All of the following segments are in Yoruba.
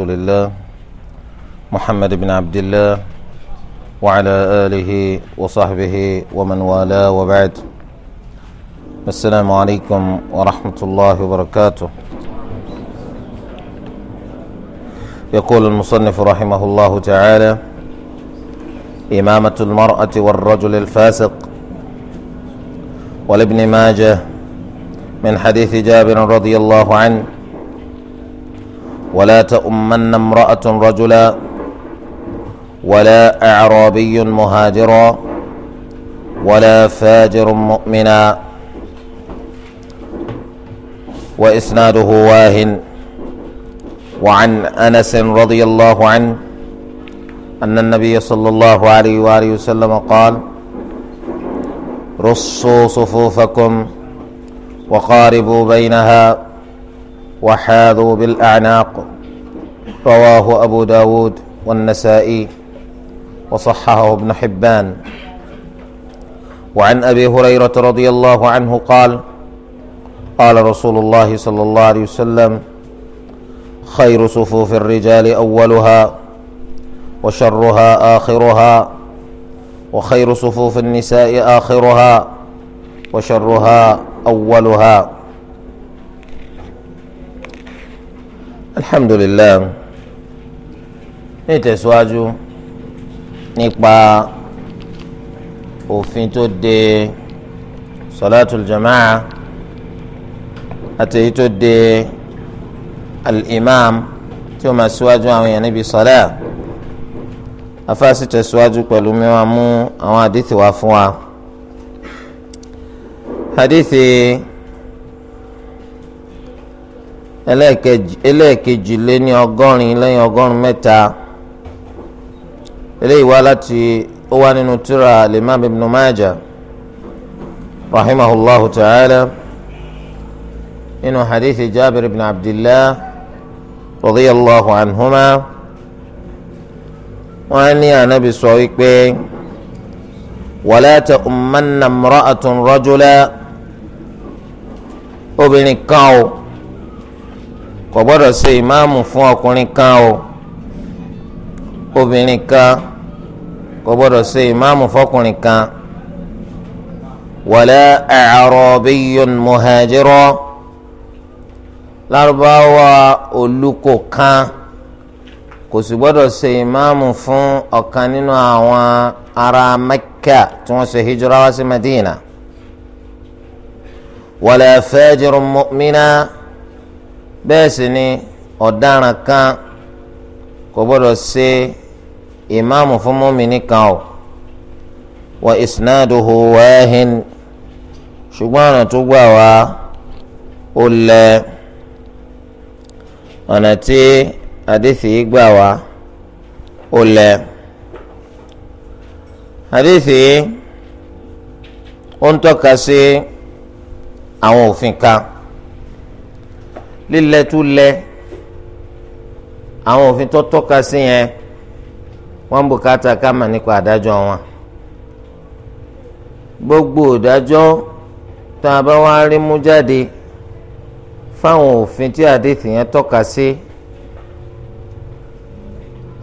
رسول الله محمد بن عبد الله وعلى آله وصحبه ومن والاه وبعد السلام عليكم ورحمة الله وبركاته يقول المصنف رحمه الله تعالى إمامة المرأة والرجل الفاسق والابن ماجه من حديث جابر رضي الله عنه ولا تؤمن امرأة رجلا ولا أعرابي مهاجرا ولا فاجر مؤمنا وإسناده واهن وعن أنس رضي الله عنه أن النبي صلى الله عليه وآله وسلم قال رصوا صفوفكم وقاربوا بينها وحاذوا بالأعناق رواه أبو داود والنسائي وصححه ابن حبان وعن أبي هريرة رضي الله عنه قال قال رسول الله صلى الله عليه وسلم خير صفوف الرجال أولها وشرها آخرها وخير صفوف النساء آخرها وشرها أولها alhamdulilayi ní ìtẹ̀síwájú nípa òfin tó de sọláàtù jamaa àti èyí tó de al-imam tí ó máa síwájú àwọn èèyàn níbi sọlá afáàsì tẹ̀síwájú pẹ̀lú mímọ́ mú àwọn àdìsí wá fún wa. hadithi ẹlẹ́ẹ̀kejì lé ní ọgọ́rin lẹ́yìn ọgọ́rùn mẹ́ta eléyìí wá láti ó wá nínú tírà al-Imam Ibn Majah rahimahullahu ta'ala nínú hadith Jabir ibn Abdillah radiyallahu anhuma wọn ní anabi sọ wípé wala ta'ummanna imra'atun rajula obìnrin kan o kò gbọ́dọ̀ ṣe ìmáàmù fún ọkùnrin kan o obìnrin kan kò gbọ́dọ̀ ṣe ìmáàmù fọkùnrin kan wala a'rabiyyun muhajira lárúbáwá olùkọ kan kò sì gbọ́dọ̀ ṣe ìmáàmù fún ọ̀kan nínú àwọn ará Mẹ́kà tí wọ́n ṣe hijira sí Madina wala fajirun mu'mina bẹ́ẹ̀ sì ni ọ̀daràn kan kò gbọ́dọ̀ ṣe ìmáàmù fún mọ́mìnì kan o wa isnaduhu wahin ṣùgbọ́n ọ̀nà tó gbà wá ó lẹ ọ̀nà tí àdìsí gbà wá ó lẹ àdìsí ó ń tọ́ka sí àwọn òfin kan lílẹ̀ tó lẹ àwọn òfin tó tọ́ka sí yẹn wọ́n ń bùkátà ká mà nípa àdájọ́ wọn gbogbo ìdájọ́ tá a bá wá rí mú jáde fáwọn òfin tí àdéhìí yẹn tọ́ka sí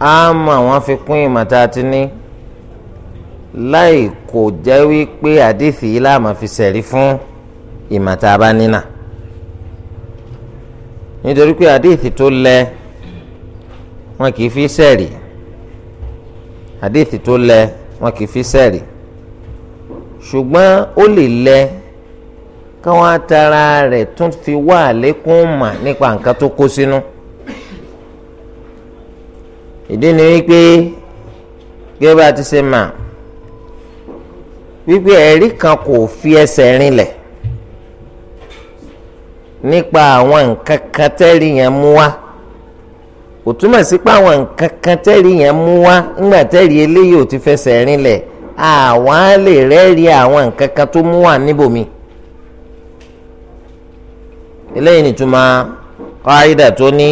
á mà wọ́n fi ìmọ̀ta ti ní láì kò jẹ́ wípé àdéhìí láàmà fi sẹ̀rí fún ìmọ̀ta bá nínà nítorí pé àdéhìí tó lẹ wọn kì í fi sẹ́ẹ̀rì àdéhìí tó lẹ wọn kì í fi sẹ́ẹ̀rì ṣùgbọ́n ó lè lẹ káwọn atara rẹ̀ tún fi wá àlékún mà nípa nǹkan tó kó sínú ìdí ni wípé gẹ́gẹ́ bá ti ṣe mà wípé ẹ̀rí kan kò fi ẹsẹ̀ rinlẹ̀ nípa àwọn nǹkan kan tẹ́rì yẹn mú wá kò túmọ̀ sí pé àwọn nǹkan kan tẹ́rì yẹn mú wá ńgbà tẹ́rì eléyìí ò ti fẹsẹ̀ rinlẹ̀ àwọn á lè rẹ́rìí àwọn nǹkan kan tó mú wá níbòmí. eléyìí nìtúmọ̀ qaida tó ní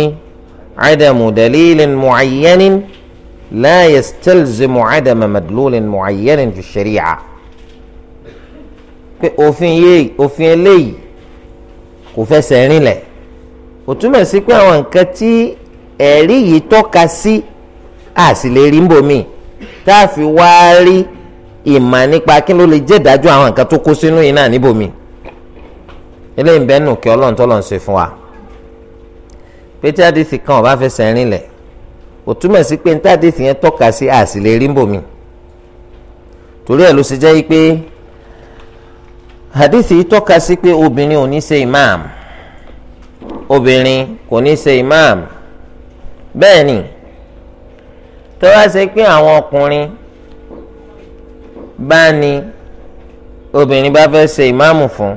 adamu dalilin muayyanin la yastalzimu adama madlulin muayyanin fi shari'a pé òfin yìí òfin eléyìí kò fẹsẹ̀ rinlẹ̀ kò túmọ̀ sí pé àwọn nǹkan tí ẹ̀rí yìí tọ́ka sí àṣìlérí ń bomi tá a fi wá rí ìmọ̀ nípa kí ló lè jẹ́ ìdájọ́ àwọn nǹkan tó kó sínú yìí náà níbomi eléyìí ń bẹ́ẹ̀ nù kí ọlọ́run tọ́lọ̀ ń ṣe fún wa pété àdìsí kan ọba fẹsẹ̀ rinlẹ̀ kò túmọ̀ sí pé níta àdìsí yẹn tọ́ka sí àṣìlérí ń bomi torí ẹ̀ ló ṣe jẹ́ yí pé hadithi tọ́ka sí pé obìnrin ò ní ṣe imam obìnrin kò ní ṣe imam bẹ́ẹ̀ ni tó wá ṣe pé àwọn ọkùnrin bá ní obìnrin bá fẹ́ ṣe imáàmù fún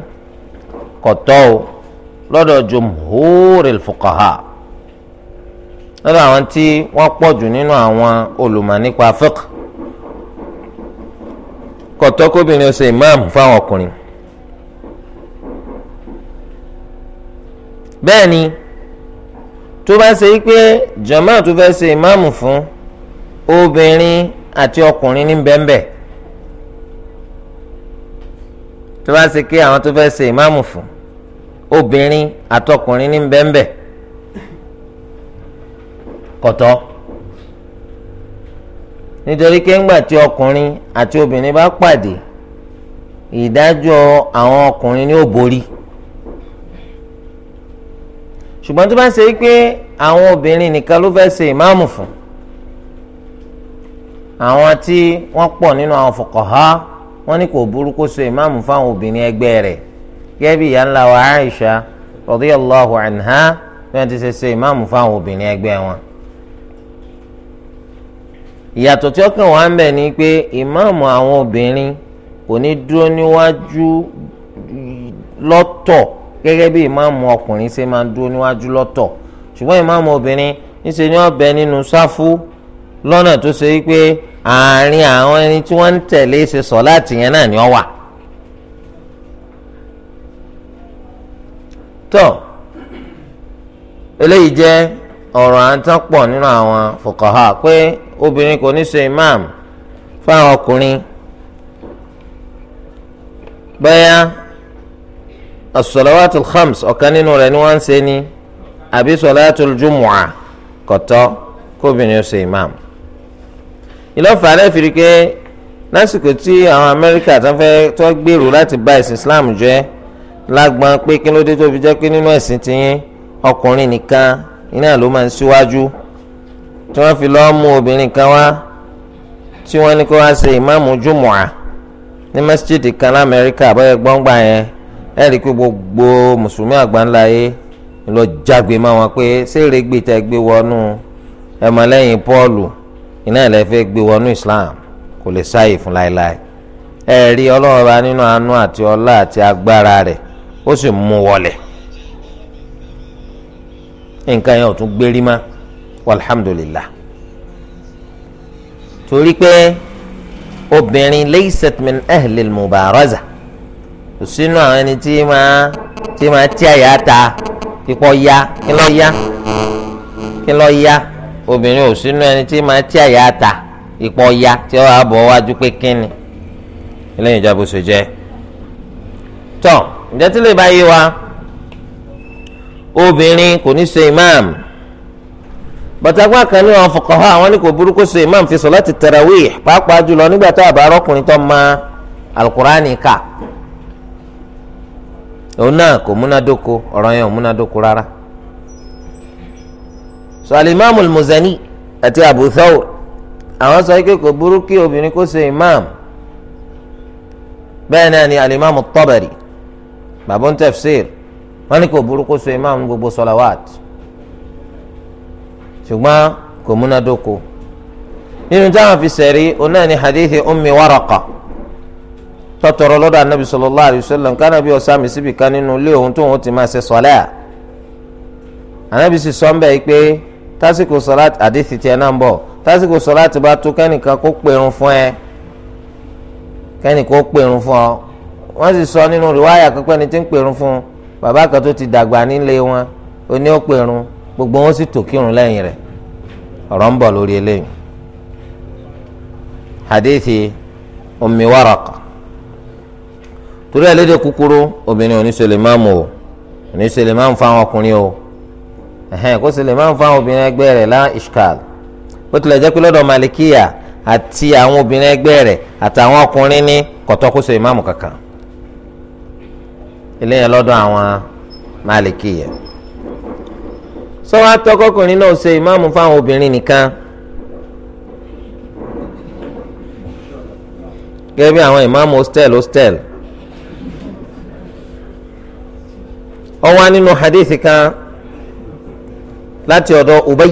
kò tọ́ o lọ́dọ̀ jumhuril fuqaha lọ́dọ̀ àwọn tí wọ́n pọ̀ jù nínú àwọn olùmọ̀ nípa fiqh kò tọ́ kóbìnrin ṣe imáàmù fún àwọn ọkùnrin. bẹ́ẹ̀ ni tó bá ṣe pé jọ̀mọ́ tó fẹ́ ṣe ìmáàmù fún obìnrin àti ọkùnrin ní bẹ́ẹ̀nbẹ́ẹ̀ tó bá ṣe pé àwọn tó fẹ́ ṣe ìmáàmù fún obìnrin àtọkùnrin ní bẹ́ẹ̀nbẹ́ẹ̀ kọ̀tọ́ nítorí pé ńgbà tí ọkùnrin àti obìnrin bá pàdé ìdájọ́ àwọn ọkùnrin ni ó borí ṣùgbọ́n tó bá ń ṣe pé àwọn obìnrin nìkan ló fẹ́ẹ́ ṣe ìmáàmù fún àwọn tí wọ́n pọ̀ nínú àwọn fuqaha wọ́n ní kò burú kó ṣe ìmáàmù fáwọn obìnrin ẹgbẹ́ rẹ̀ gẹ́gẹ́ bí ìyá ńlá wa Aisha radiyallahu anha bí wọ́n ti ṣe ṣe ìmáàmù fáwọn obìnrin ẹgbẹ́ wọn. ìyàtọ̀ tí ọkàn wa ń bẹ̀ ni pé ìmáàmù àwọn obìnrin kò ní dúró níwájú lọ́tọ̀ gẹ́gẹ́ bí ìmáàmù ọkùnrin ṣe máa ń dúró níwájú lọ́tọ̀ ṣùgbọ́n ìmáàmù obìnrin ńṣe ni nínú sáfú lọ́nà tó ṣe wípé àárín àwọn ẹni tí wọ́n ń tẹ̀lé ṣe yẹn náà ni ọ wà. tọ́ eléyìí jẹ́ ọ̀rọ̀ à ń tán pọ̀ nínú àwọn fòkàhà pé obìnrin kò imam fáwọn ọkùnrin bẹ́ẹ̀ as-salawatul khams ọ̀kan nínú rẹ̀ ni wọ́n ń ṣe ní àbí sọláàtul jumu'ah kọ̀tọ́ kóbìnrin ṣe imam. ìlọ́fà alẹ́ fi rí pé lásìkò tí àwọn amẹ́ríkà tó fẹ́ tó gbèrò láti bà ẹ̀sìn islam jẹ́ lágbọ́n pé kí ló dé tó fi jẹ́ pé nínú ẹ̀sìn tiyín ọkùnrin nìkan iná ló máa ń síwájú tí wọ́n fi lọ́ọ́ mú obìnrin kan wá tí wọ́n ní kó wá ṣe ìmáàmù jùmọ̀à ní masjid kan lamẹ́ríkà bọ́yẹ gbọ́ngbà yẹn ẹ rí i pé gbogbo mùsùlùmí àgbáńlá yé lọ jágbe máa wọn pé ṣéèrè gbé tẹ gbé wọnú ẹmọlẹ́yìn Pọ́ọ̀lù iná ẹ̀ lẹ́ fẹ́ gbé wọnú Islam kò lè sáàyè fún láéláé ẹ rí ọlọ́run bá nínú àánú àti ọlá àti agbára rẹ̀ ó sì mú wọlé nǹkan yẹn ò tún gbérí mọ́ walhamdulillah torí pé obìnrin laysat min mubaraza kò sínú àwọn ẹni tí máa tí máa tí àyà ta kíkọ́ ya kí lọ́ ya kí lọ́ ya obìnrin ò sínú ẹni tí máa tí àyà ta ìpọ̀ ya tí wọ́n á bọ̀ wájú pé ni eléyìí ìjọba oṣù jẹ́ tọ́ ǹjẹ́ tí lè bá yé wa obìnrin kò ní ṣe imam bàtàgbà kan ní àwọn fuqaha àwọn ní kò burúkú ṣe imam fi sọ̀láàtì tarawih pàápàá jùlọ nígbà tá a bá rọ́kùnrin tó máa alukurani kà òun náà kò múnádóko ọ̀rọ̀ yẹn ò múnádóko rárá. sọ alimami al-Muzani àti Abu Thawr àwọn sọ pé kò burú kí obìnrin kó ṣe imam bẹ́ẹ̀ náà ni alimami at-Tabari bàbá wọ́n ní kò burú kó ṣe imam gbogbo sọlawat ṣùgbọ́n kò múnádóko nínú táwọn fi sẹ̀rí òun náà ni hadithi Ummi Waraqa tọtọrọ lọ́dọ̀ anabi sallallahu alayhi wa sallam kánàbí ọsà mi síbi kan nínú ilé òun tóun ti máa ṣe sọlẹ anabi sì sọ mbẹ pé tásìkò sọláàtì àdéhìí tiẹ̀ náà ń bọ̀ tásìkò sọláàtì bá tó kẹ́nìkan kó pèrún fún ẹ kẹ́nìkan ó pèrún fún ọ wọ́n sì sọ nínú rìwáyà pípẹ́ ni tí ń pèrún fún bàbá kan tó ti dàgbà nílé wọn oní ó pèrún gbogbo wọn sì tò kírun lẹ́yìn rẹ̀ ọ̀rọ̀ ń bọ̀ lórí eléyìí hadithi Ummi Waraqa torí ẹlẹ́dẹ̀ kúkúrú obìnrin oníṣẹlẹ̀ máa mú o oníṣẹlẹ̀ máa ń fa àwọn ọkùnrin o ẹ̀hẹ́n kó ṣẹlẹ̀ máa obìnrin ẹgbẹ́ rẹ̀ lá ishkal bó tilẹ̀ jẹ́ pé lọ́dọ̀ malikiya àti àwọn obìnrin ẹgbẹ́ rẹ̀ àtàwọn ọkùnrin ní kọ̀tọ́ kó ṣẹlẹ̀ máàmù kankan eléyẹn lọ́dọ̀ àwọn malikiya sọ́wọ́n atọ́kọ́kùnrin náà ṣe ìmáàmù fáwọn obìnrin nìkan gẹ́gẹ́ bí àwọn ìmáàmù hostel hostel. ó wà nínú hadithi kan láti ọ̀dọ̀ ubay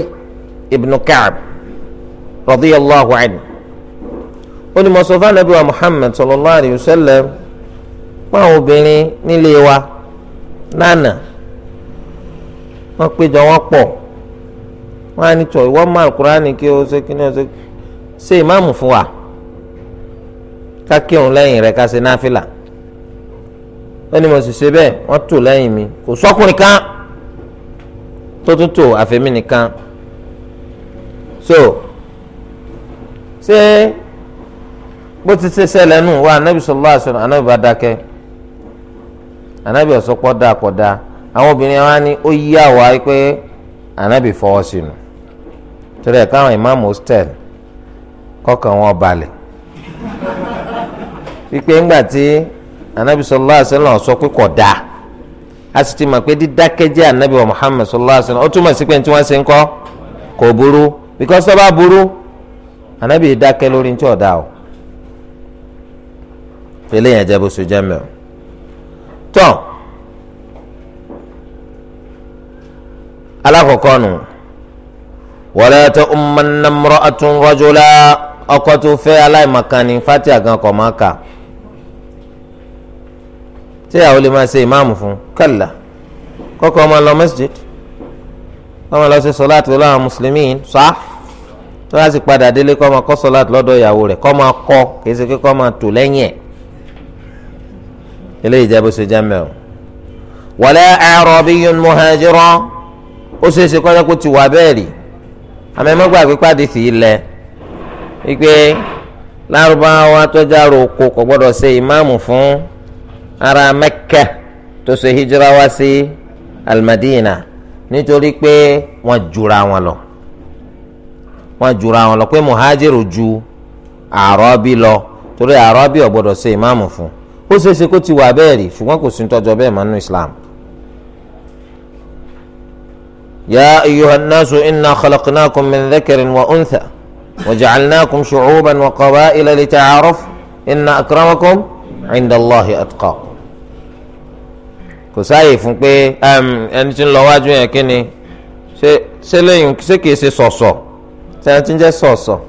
ibn ka'b radiyallahu anhu ó ní mọ̀sọ́fà nàbí wa muhammad sallallahu alayhi wa sallam pọ́n àwọn obìnrin nílé wa lánàá wọ́n péjọ wọ́n pọ̀ wọ́n á ní tọ̀ ìwọ́n mọ àkùránì kí o ṣe kí ni o ṣe ṣe ìmáàmù fún wa ká kírun lẹ́yìn rẹ̀ ká ṣe náfìlà ó ní mo sì ṣe bẹ́ẹ̀ wọ́n tò lẹ́yìn mi kò sọ́kùnrin kan tó tún tò àfẹ́mí nìkan so ṣé bó ti ṣe ṣẹlẹ̀ nù wá anabi sallallahu alaihi wasallam anabi bá dákẹ́ anabi ọ̀sọ́pọ̀ dá kọ̀ dá àwọn obìnrin wa ni ó yí àwa pé anabi fọwọ́ sínú torí ẹ̀ káwọn ìmáàmù hostel kọ́kàn wọn balẹ̀ wípé ńgbà tí anabi sallallahu alaihi wasallam sọ pé kò dáa a sì ti mọ̀ pé dídákẹ́jẹ́ anabi wa muhammad sallallahu alaihi wasallam ó túmọ̀ sí pé tí wọ́n ṣe ń kọ́ kò burú because tó bá burú anabi dákẹ́ lórí tí ọ̀dà o tẹ́lẹ̀ yẹn jẹ́ bó so jẹ́ mẹ́ọ̀ tán alákọ̀ọ́kọ́ nù wala ta'ummanna imra'atun rajula ọkọ tó fẹ́ aláìmọ̀kan ní fati àgànkọ̀ máa kà ṣé ìyàwó lè máa ṣe ìmáàmù fún kàlà kọ́kọ́ ọmọ lọ masjid ọmọ lọ ṣe sọláàtì lọ́wọ́ àwọn mùsùlùmí sá tó bá sì padà délé kọ́ máa kọ́ sọláàtì lọ́dọ̀ ìyàwó rẹ̀ kọ́ máa kọ́ kìí ṣe kọ́ máa tò lẹ́yìn ẹ̀ eléyìí jẹ́ bó ṣe jẹ́ mẹ́rin. wala arabiyyun muhajira ó ṣe é ṣe kọ́jọ́ kó ti wà bẹ́ẹ̀ rí àmọ́ ẹ má gbàgbé pàdé sí ilẹ̀ wípé lárúbáwá tọ́jà rò kò kò gbọ́dọ̀ ṣe ìmáàmù fún ará Mẹ́kà tó ṣe hijira wá sí almadina nítorí pé wọ́n jura wọn lọ wọ́n jura wọn lọ pé muhajiru ju àrọ́bí lọ torí àrọ́bí ò gbọ́dọ̀ ṣe ìmáàmù fún ó ṣeéṣe kó ti wà bẹ́ẹ̀ rí ṣùgbọ́n kò sí tọ́jọ́ bẹ́ẹ̀ mọ́nú islam. يا أيها الناس إنا خلقناكم من ذكر وأنثى وجعلناكم شعوبا وقبائل لتعارف إن أكرمكم عند الله أتقاكم kò sáàyè fún pé um, ẹni tí ń lọ wájú yẹn kí ni ṣé lẹ́yìn ṣé kìí ṣe sọ̀sọ̀ ṣé ẹni tí ń jẹ́ sọ̀sọ̀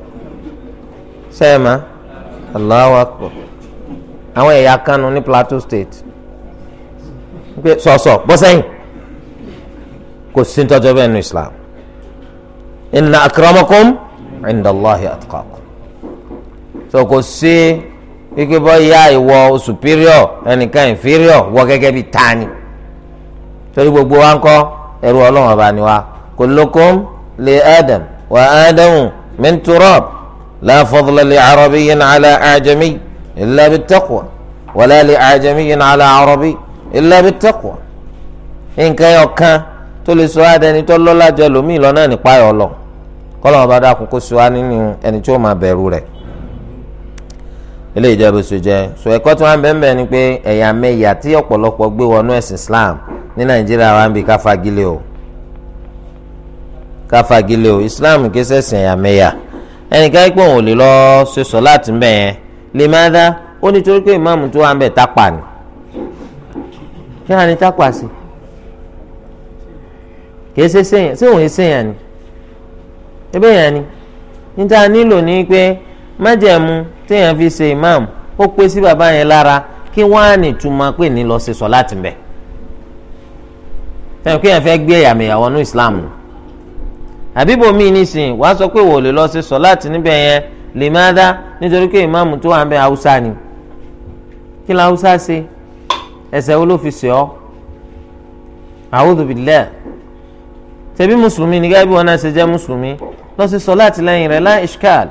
ṣé ẹ má Allahu Akbar àwọn ẹ̀yà kanu ní Plateau State pé sọ̀sọ̀ bọ́ sẹ́yìn kò sí tọ́jọ́ bẹ́ẹ̀ nu Islam inna akramakum indallahi atqakum so kò sí wípé bọ́yá ìwọ superior ẹnìkan inferior wọ gẹ́gẹ́ bíi tani torí gbogbo wa ń kọ́ ẹrú ọlọ́run ọba ni wa kullukum li adam wa adamu min turab la fadla li arabiyyin ala ajami illa bittaqwa wala li ajamiyyin ala arabi illa bittaqwa nǹkan ọ̀kan tó lè sọ adẹni tó lọ́lá jẹ lómi ìlọ náà nípa ẹ̀ ọlọ kọ́lọ́mọba dákun kó sọ wá nínú ẹni tí ó máa bẹ̀rù rẹ̀. ile jẹ́ bó je so ẹkọ tí wọ́n bẹ́ẹ̀ bẹ́ẹ̀ ni pé ẹ̀yà mẹ́yà tí gbé wọnú Islam ní Nàìjíríà wa ń bi ká fagilé o ká fagilé o Islam nke í ṣẹ̀sìn ẹ̀yà mẹ́yà ẹnìkan pé òun ò lè lọ ṣe sọ láti mbẹ yẹn lè má dá ó ni májẹ̀mú téèyàn fi ṣe imam ó pé sí bàbá yẹn lára kí wọ́n á nìtumọ̀ pé ní lọ́ọ́ ṣe sọ láti bẹ̀. sẹ́yìn kéèyàn fẹ́ gbé ẹ̀yàmẹ̀yàwó ní islam nù. àbíbò míì nísìnyí wàá sọ pé wò lè lọ́ọ́ ṣe sọ láti níbẹ̀ yẹn lè má dá nítorí pé imam tó wà ń bẹ haúsá ni. kí ni haúsá ṣe ẹ̀ṣẹ̀ wo ló fi ṣe ọ́ a'udhu billah tẹ̀bí mùsùlùmí ni gẹ́gẹ́ bí wọn náà ṣe jẹ́ mùsùlùmí lọ́ọ́ ṣe sọ láti lẹ́yìn rẹ̀ láì ishkal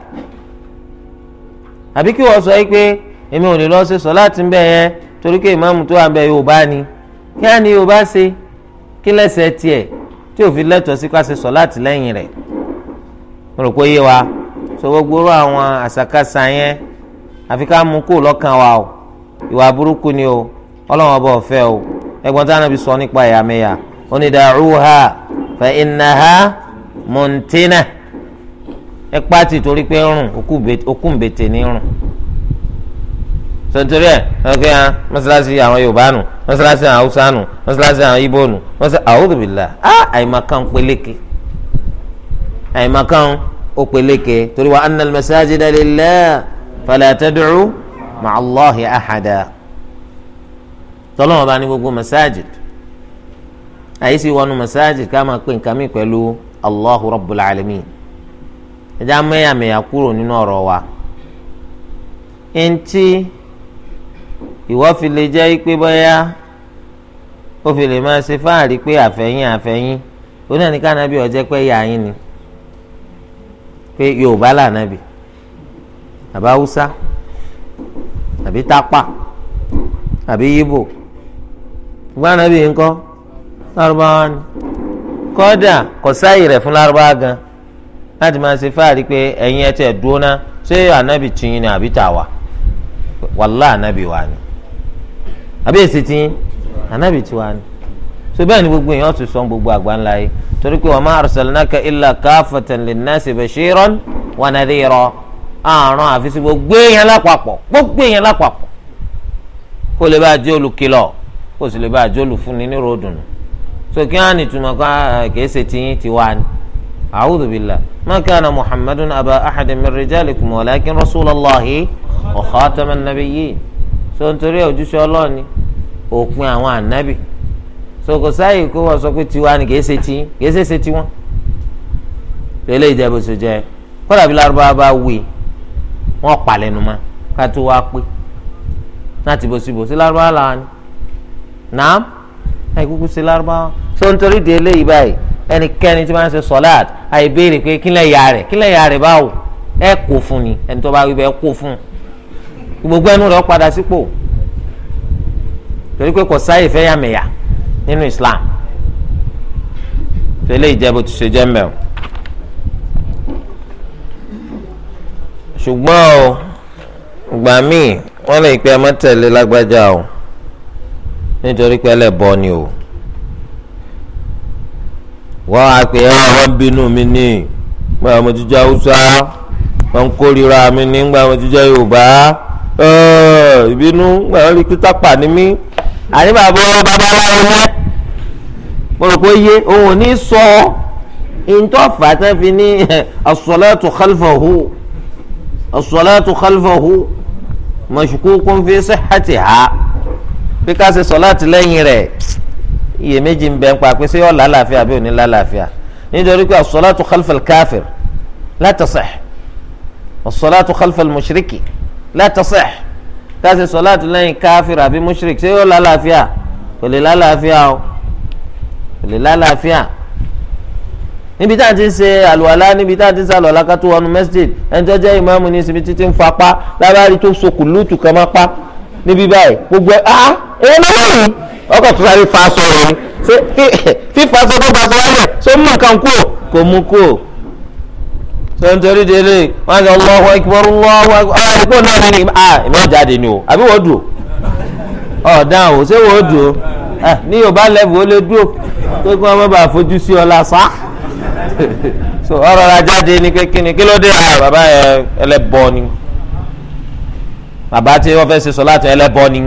àbí kí wọ́n sọ yìí pé èmi ò lè lọ ṣe sọ̀láàtì ń bẹ̀ yẹn torí pé ìmáàmù tó wà ń bẹ̀ Yorùbá ni kí á ní Yorùbá ṣe kí lẹ́sẹ̀ tiẹ̀ tí ò fi lẹ́tọ̀ọ́ sí ká ṣe sọ̀láàtì lẹ́yìn rẹ̀ mo rò pé yé wa sọ gbogbo rú àwọn àṣàkáṣà yẹn àfi ká mú kó lọ́kàn wa o ìwà burúkú ni o ọlọ́wọ́n bọ̀ fẹ́ o ẹgbọ́n tí Ànábì sọ nípa ẹ̀yàmẹ̀yà onídàáruha fa innaha muntina ẹ pàtì torí pé ń rùn okùnbètè ní rùn sọtúrú ẹ ọkẹ ya ah, mọ́sálásí àwọn yorùbá nù mọ́sálásí àwọn haúsá nù mọ́sálásí àwọn ibo nù mọ́sálásí ah, àwòdùbìlà á àyèmàkàn pélékè àyèmàkàn ó pélékè torí wa anna al-masajida lillah fala tad'u ma'a Allahi ahada tọ́lọ́wọ́n bá ní gbogbo masajid àyè sí wọnú masajid ká máa pè nǹkan mi pẹ̀lú Allahu rabbul alamin. ẹja mẹ́yàmẹ́yà kúrò nínú ọrọ wa eŋti ìwọ fi lè jẹ́ pé bóyá ó fi lè máa ṣe fáàrí pé o àfẹ́yìn oní ẹ̀ní kánábì ọ̀jẹ́ pé yà ni pé Yorùbá lànàbì àbá Haúsá àbí Tápà àbí Yíbò gbọ́dọ̀ ànábì yìí ń kọ́ lárúbáwá ni kọ́dà kọ́sáyì rẹ̀ fún lárúbáwá gan láti máa ṣe fáàrí pé ẹ̀yin ẹ tẹ̀ dúró ná ṣé ànábì tìyín ni àbí tàwa wàlá ànábì wa ni àbí èsì tìyín ànábì tiwa ni so bẹ́ẹ̀ ni gbogbo èèyàn ti sọ gbogbo àgbáńlá yìí torí pé wa ma arsalnaka illa kaafatan linnasi bashiran wa nadhira àrùn àfi sí gbogbo èèyàn lápapọ̀ gbogbo èèyàn lápapọ̀ kó lè bá a jẹ́ olùkìlọ̀ kó sì lè bá a jẹ́ olùfúnni ní ròdùnú so kí wọ́n á nìtumọ̀ kó kèé ṣe tiyín tiwa ni a'udhu billah ma kana muhammadun aba ahadin min rijalikum walakin rasulallahi wa khataman nabiyyin so nítorí ojúṣe ọlọ́ọ̀ni òpin àwọn ànábì so kò sáyè kó wọ́n sọ pé tiwa ni kì í ṣe tí kì í ṣe ṣe tiwọn tẹ́lẹ̀ ìjẹ́bù sọ jẹ́ kọ́dà bí lárúbáwá bá wí wọ́n palẹ̀nu mọ́ ká tó wá pé láti bòsibò sí lárúbáwá làwọn ni nàám ẹ̀ kúkú sí lárúbáwá so nítorí di eléyìí báyìí ẹnikẹ́ni tí wọ́n ṣe sọ́láàt àì béèrè pé kílẹ̀ ya rẹ̀ kílẹ̀ ya rẹ̀ báwo ẹ kó fún ni ẹni tó bá wí bẹ́ẹ̀ kó fún gbogbo ẹnu rẹ̀ padà sípò torí pé kò sáyè fẹ́ yàmẹ̀yà nínú Islam tẹ́lẹ̀ ìjẹ́bù ti ṣe jẹ́ mẹ́wọ̀ ṣùgbọ́n o gbà míì wọ́n lè pe ẹ má lágbájá o nítorí pé ẹlẹ́bọ ni o wọ́n á pè é wọ́n bínú mi ní gbà mo ti jẹ́ haúsá wọ́n kórìíra mi ní gbà mo ti jẹ́ yorùbá ìbínú gbà wọ́n rí kíta pà ní mí àní bàbá babaláwo mẹ́ mo rò yé òun ò ní sọ ìtọ́fà tẹ́ fi ní as-salatu khalfahu as-salatu khalfahu mashkukun fi sihhatiha bí ká ṣe sọ̀lá tì lẹ́yìn rẹ̀ iyèméjì ń bẹ ń pa pé ṣé yóò lálàáfíà àbí òní lálàáfíà nítorí pé as-salatu khalfal káfíìr la tasih as-salatu khalfal mushriki la tasih káṣí sọláàtù lẹ́yìn káfíìr àbí mushrik ṣé yóò lálàáfíà kò lè lálàáfíà o kò lè lálàáfíà níbi tá à ti ń ṣe àlùwàlá níbi tá à ti ń ṣe àlùwàlá ká tó wọnú masjid ẹni tó jẹ́ ìmáàmù ní síbi títí ń fapá lábárí tó sokùn lútù kan máa pa níbí báyìí gbogbo ẹ ah èyí ló lóyún ọkọ̀ tó sáré fa aṣọ rẹ̀ ni fífa aṣọ tó fa aṣọ wálẹ̀ ṣé mú nǹkan kú kò mú kú tó ń torí délé wọn sọ Allahu Akbar Allahu Akbar ah ìpò náà ni ní ah ìmọ̀ jáde ni o àbí wọ́n dùn o ọ̀dàn o ṣé wọ́n dùn o ah, ní Yorùbá lẹ́bù ó lè dùn o pé kí wọ́n má bàa fojú sí ọ lásán so ọ̀rọ̀ la jáde ni kékeré kí ló dé ah bàbá ẹ ẹlẹ́bọ ni bàbá tí wọ́n fẹ́ ṣe sọ láti ẹlẹ́bọ ni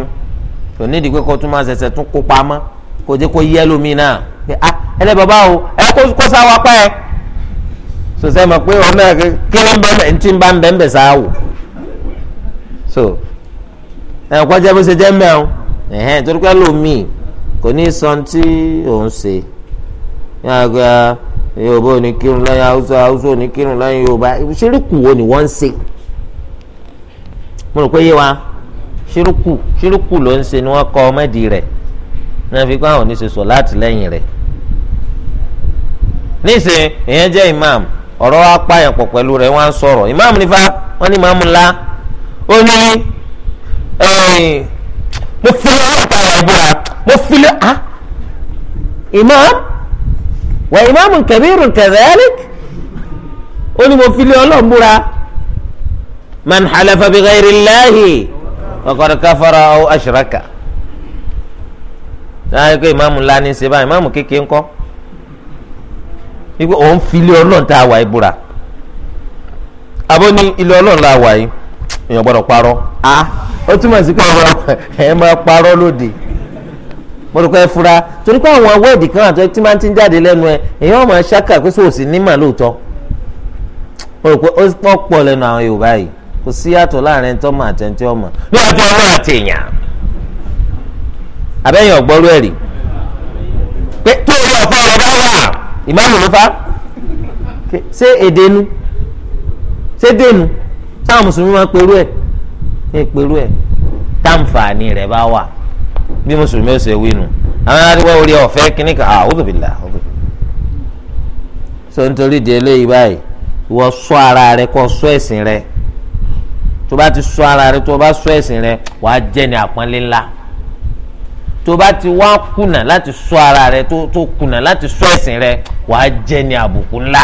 kò nídìí pé kó tún máa ṣẹ̀ṣẹ̀ tún kó pamọ́ kò jẹ́ kó yẹ lómi náà pé ah ẹlẹ́bọ báwo ẹ kó kó sáwọ apá ẹ sọsẹ́ mọ̀ pé ọmọ ẹ kéré ń bẹ́ẹ̀ ntí ń bá ń bẹ́ẹ̀ sáwọ so ẹ kọ́ jẹ́ bó ṣe jẹ́ mẹ́rin ẹ̀hẹ́n torí pé lómi kò ní sọ tí òun ṣe ní àgbà yorùbá ò ní kírun lẹ́yìn haúsá haúsá ò ní kírun lẹ́yìn yorùbá ṣírí kù wo ni wọ́n ń ṣe mo rò pé yé wa ṣírùkù ṣírùkù ló ń ṣe ni wọ́n kọ ọmọdé rẹ̀ náà fi kọ́ àwọn oníṣòṣò láti lẹ́yìn rẹ̀ nísìnyí ìyẹn jẹ́ imam ọ̀rọ̀ wa pààyàn pọ̀ pẹ̀lú rẹ̀ wọ́n á sọ̀rọ̀ imam nífa wọ́n ní imam ńlá ó ní mo fi ọ̀tá rẹ̀ búra mo fi lé ah imam wà imam kabirun kadhalik ó ní mo fi lé ọlọ́run man halafa bi ghairillahi faqad kafara aw ashraka na pé ìmáàmù ńlá ní í ṣe kékeré ńkọ́ wípé òun fi ọlọ́run tá a wà ibura àbó ilé ọlọ́run la wà yìí èèyàn gbọ́dọ̀ parọ́ a ó túmọ̀ sí pé ẹ máa parọ́ lóde mo rò pé ẹ fura torí pé àwọn kan àti tí máa ti ń jáde lẹ́nu ẹ èèyàn máa ṣáka pé nímà lóòótọ́ mo kò sí yàtọ̀ láàrin ẹni tó mọ̀ àti ẹni tí ó mọ̀ ní ọjọ́ ọlọ́run àti èèyàn abẹ́yìn ọ̀gbọ́rú ẹ̀rí pé tó o yọ ọ̀fọ́ rẹ̀ bá wà ìmáàmù ló fa ṣé èdènu ṣé dènu táwọn mùsùlùmí máa ń perú ẹ̀ ń perú ẹ̀ táǹfààní rẹ̀ bá wà bí mùsùlùmí ó ṣe wí nù àwọn adúgbò orí ọ̀fẹ́ kínní kan ah, a'udhu billahi so nítorí di eléyìí báyìí wọ́n sọ ara rẹ̀ kó sọ ẹ̀sìn rẹ̀ tó bá ti sọ ara rẹ tó bá sọ ẹ̀sìn rẹ wàá jẹ́ ni àpọ́nlé ńlá tó bá ti wá kùnà láti sọ ara rẹ tó tó kùnà láti sọ ẹ̀sìn rẹ wàá jẹ́ ni àbùkù ńlá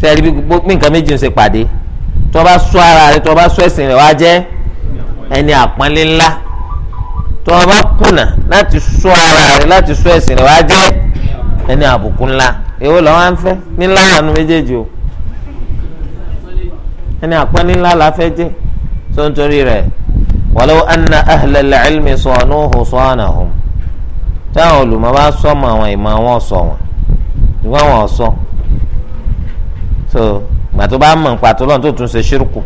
sẹ́ẹ̀rí bí nǹkan méjì ń ṣe pàdé tó bá sọ ara rẹ tó bá sọ ẹ̀sìn rẹ wàá jẹ́ ẹni àpọ́nlé ńlá tó bá kùnà láti sọ ara rẹ láti sọ ẹ̀sìn rẹ wàá jẹ́ ẹni àbùkù ńlá èwo lọ́wọ́ à ń fẹ́ ní ńlá àánú méjèèjì o ẹni àpọ́nlé ńlá la fẹ́ jẹ́ tó ń torí rẹ̀ walau anna ahlal ilmi sanuhu sanahum táwọn olùmọ̀ bá sọmọ àwọn ìmọ̀ àwọn sọ wọn ìwọ àwọn sọ so gbà tó bá mọ̀ nípa tó lọ́n tó tún ṣe ṣírùkù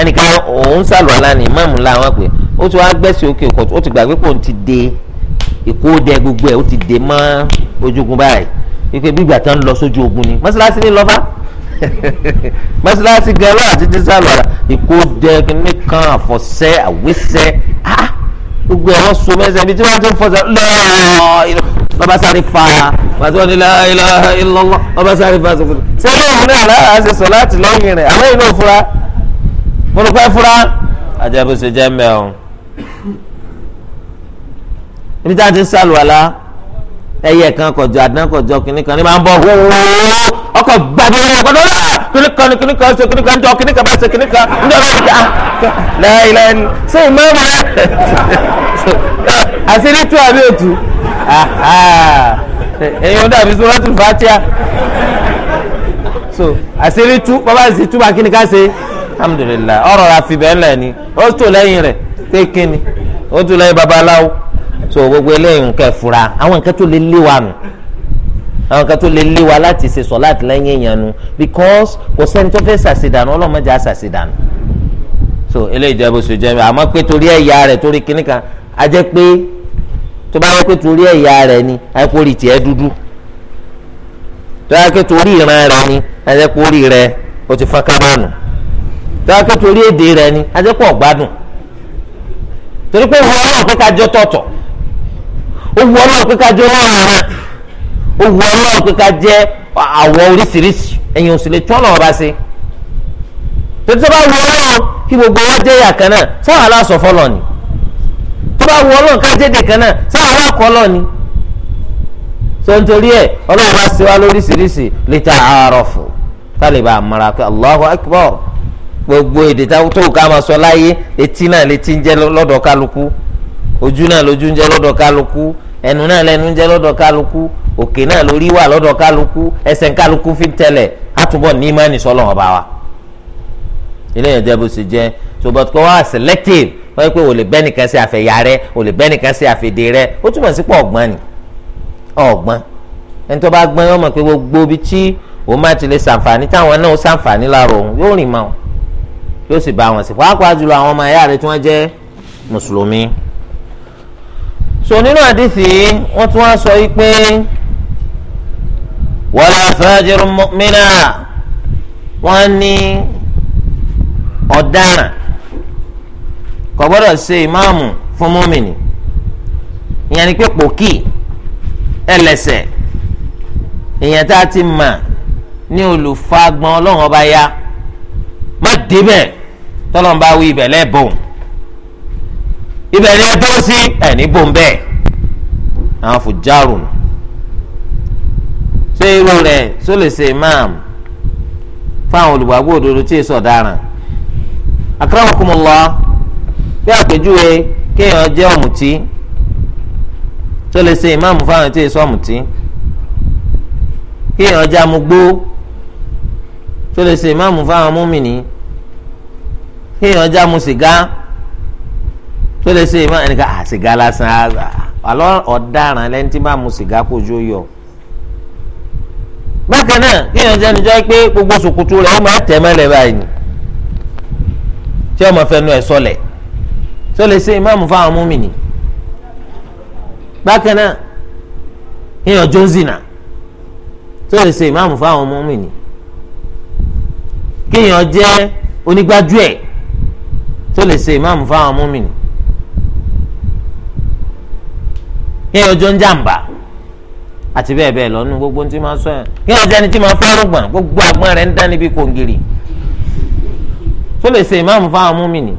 ẹnìkan òun sàlùwàlá ni ìmáàmù ńlá wọn pé ó ti wá gbẹ́sì òkè òkò ó ti gbàgbé pò ń ti de ìkóòdẹ gbogbo ẹ̀ ó ti de mọ́ ojúgun báyìí wípé bí ìgbà tán lọ sójú ogun ni mọ́sálásí ni lọ́ba mọ́sálásí gan lọ́wọ́ àti tíṣà lọ́la ìkójẹ kìíní kan àfọ̀sẹ́ àwísẹ́ gbogbo ẹ̀wọ̀n so mẹ́sẹ̀ ibi tí wọ́n ti ń fọ̀sẹ̀ lọ́ọ̀ lọ́ba sáré fa la ilaha illallah lọ́ba sáré fa sọ́kùnrin ṣé lóòrùn náà láà ṣe sọ láti lọ́yìn rẹ̀ àmọ́ fura àjẹbù ṣe jẹ́ mẹ́ọ̀ ibi tí wọ́n ti ń sálùwàlá ẹyẹ kan kọjọ àdán kọjọ ọkọ gbàdúrà rẹ gbàdúrà rẹ kíní kan kíní kan ṣe kíní kan jọ kíní kan bá ṣe kíní kan ń jọ lọ́wọ́ kíá láì láì ṣé ìmọ̀ọ́mù rẹ àṣírí tú àbí òtù èyàn dàbí suratul Fatiha so àṣírí tú bàbá sì tú bá kíní ká ṣe alhamdulilayi ọ̀rọ̀ rà fìbẹ́ ńlẹ̀ ni ó tó lẹ́yìn rẹ̀ pé kíni ó tó lẹ́yìn babaláwo so gbogbo eléyìí nǹkan fura àwọn nǹkan tó lè léwa nù àwọn kan tó lè lé wa láti ṣe sọ̀láàtì lẹ́yìn ìyanu because kò sẹ́ni tó fẹ́ ṣàṣìdànù ọlọ́mọdé á so eléyìí jẹ́ bó ṣe jẹ́ àmọ́ pé torí ẹ̀yà rẹ̀ torí kíní kan á jẹ́ pé tó bá yẹ pé torí ẹ̀yà rẹ̀ ni á yẹ kó rí tiẹ̀ dúdú tó yẹ pé torí ìran rẹ̀ ni á yẹ kó rí rẹ̀ o ti fọ́n kámánù tó yẹ pé torí èdè rẹ̀ ni á yẹ kó ọ̀gbádùn torí pé wọ́n náà pé ká jọ tọ̀tọ̀ ó wọ́n pé ká jọ láàárín ó wu ọlọ́run kíkà jẹ́ àwọ̀ oríṣiríṣi ẹ̀yin ò sì lè tún ọlọ́run bá ṣe tó tó bá wu ọlọ́run kí gbogbo wọn jẹ́ ìyà kan náà sáwọn aláṣọ fọlọ́ ni tó bá wu ọlọ́run ká jẹ́ èdè kan náà sáwọn alákọ̀ọ́ lọ́ ni tó ń torí ọlọ́run bá ṣe wá lóríṣiríṣi lè ta àárọ̀ fún kálí bá mara pé Allahu Akbar gbogbo èdè tó ká máa sọ láyé etí náà létí ń jẹ́ lọ́dọ̀ kálukú ojú náà lójú ń jẹ́ lọ́dọ̀ kálukú ẹnu náà lẹ́nu ń jẹ́ lọ́dọ̀ kálukú òkè náà lórí wà lọ́dọ̀ kálukú ẹsẹ̀ kálukú fi ń tẹ̀lẹ̀ á túbọ̀ ní ìmánì sọ́lọ́run ọba wa eléyìí jẹ́ bó ṣe jẹ́ so but kó wá selective wọ́n yẹ pé o lè bẹ́ nìkan sí àfẹ̀yà rẹ o lè bẹ́ nìkan sí àfẹ̀dè rẹ ó túmọ̀ sí pọ̀ ọ̀gbọ́n ni ọ̀gbọ́n ẹni tó bá gbọ́n yóò mọ̀ pé gbogbo ibi tí òun máa ti lè ṣàǹfààní táwọn náà ṣàǹfààní lára òun yóò rìn mọ́ yóò sì bá wọn sí pàápàá jùlọ àwọn ọmọ ẹ̀yà rẹ tí wọ́n jẹ́ mùsùlùmí so nínú àdìsí wọ́n tún wá sọ yìí pé wala fajirun mu'mina wọ́n ní ọ̀daràn kò gbọ́dọ̀ ṣe ìmáàmù fún mọ́mìnì ìyẹn ni pé pòkì ẹlẹ́ṣẹ̀ ìyẹn tá a ti mà ní olùfagbọn ọlọ́run ọba ya má débẹ̀ tọ́lọ́n bá wí ibẹ̀ lẹ́bùn ibẹ̀ lẹ́bùn sí ẹ̀ ní bòun bẹ́ẹ̀ àwọn fòjárùn ṣé irú rẹ̀ ṣó lè ṣe imam fáwọn olùgbàgbọ́ òdodo tí èso ọ̀daràn akramakumullah bí àpèjúwe kéèyàn jẹ́ ọ̀mùtí ṣó lè ṣe imam fáwọn tí èso ọ̀mùtí kéèyàn jẹ́ amugbó ṣó lè ṣe imam fáwọn múmìnì kéèyàn jẹ́ amusìgá ṣó lè ṣe imam ẹnìkan àsìgá lásán àlọ́ ọ̀daràn lẹ́ni tí bá mu sìgá kó jó yọ bákan náà kéèyàn jẹ́ níjọ́ pé gbogbo sòkòtò rẹ̀ ó máa tẹ̀ mọ́lẹ̀ báyìí ni tí ọmọ fẹnu ẹ̀ sọlẹ̀ tó lè ṣe ìmáàmù fáwọn múmìnì bákan náà kéèyàn jó ń zìnà tó lè ṣe ìmáàmù fáwọn múmìnì kéèyàn jẹ́ onígbájúẹ̀ tó lè ṣe ìmáàmù fáwọn múmìnì kéèyàn jó ń àti bẹ́ẹ̀ bẹ́ẹ̀ lọ nínú gbogbo tí máa sọ yẹn kí wọ́n jẹ́ni tí máa fárúgbọ̀n gbogbo àgbọ̀n rẹ̀ ń dán níbi kòǹgìrì tó lè ṣe ìmáàmù fáwọn múmìnì.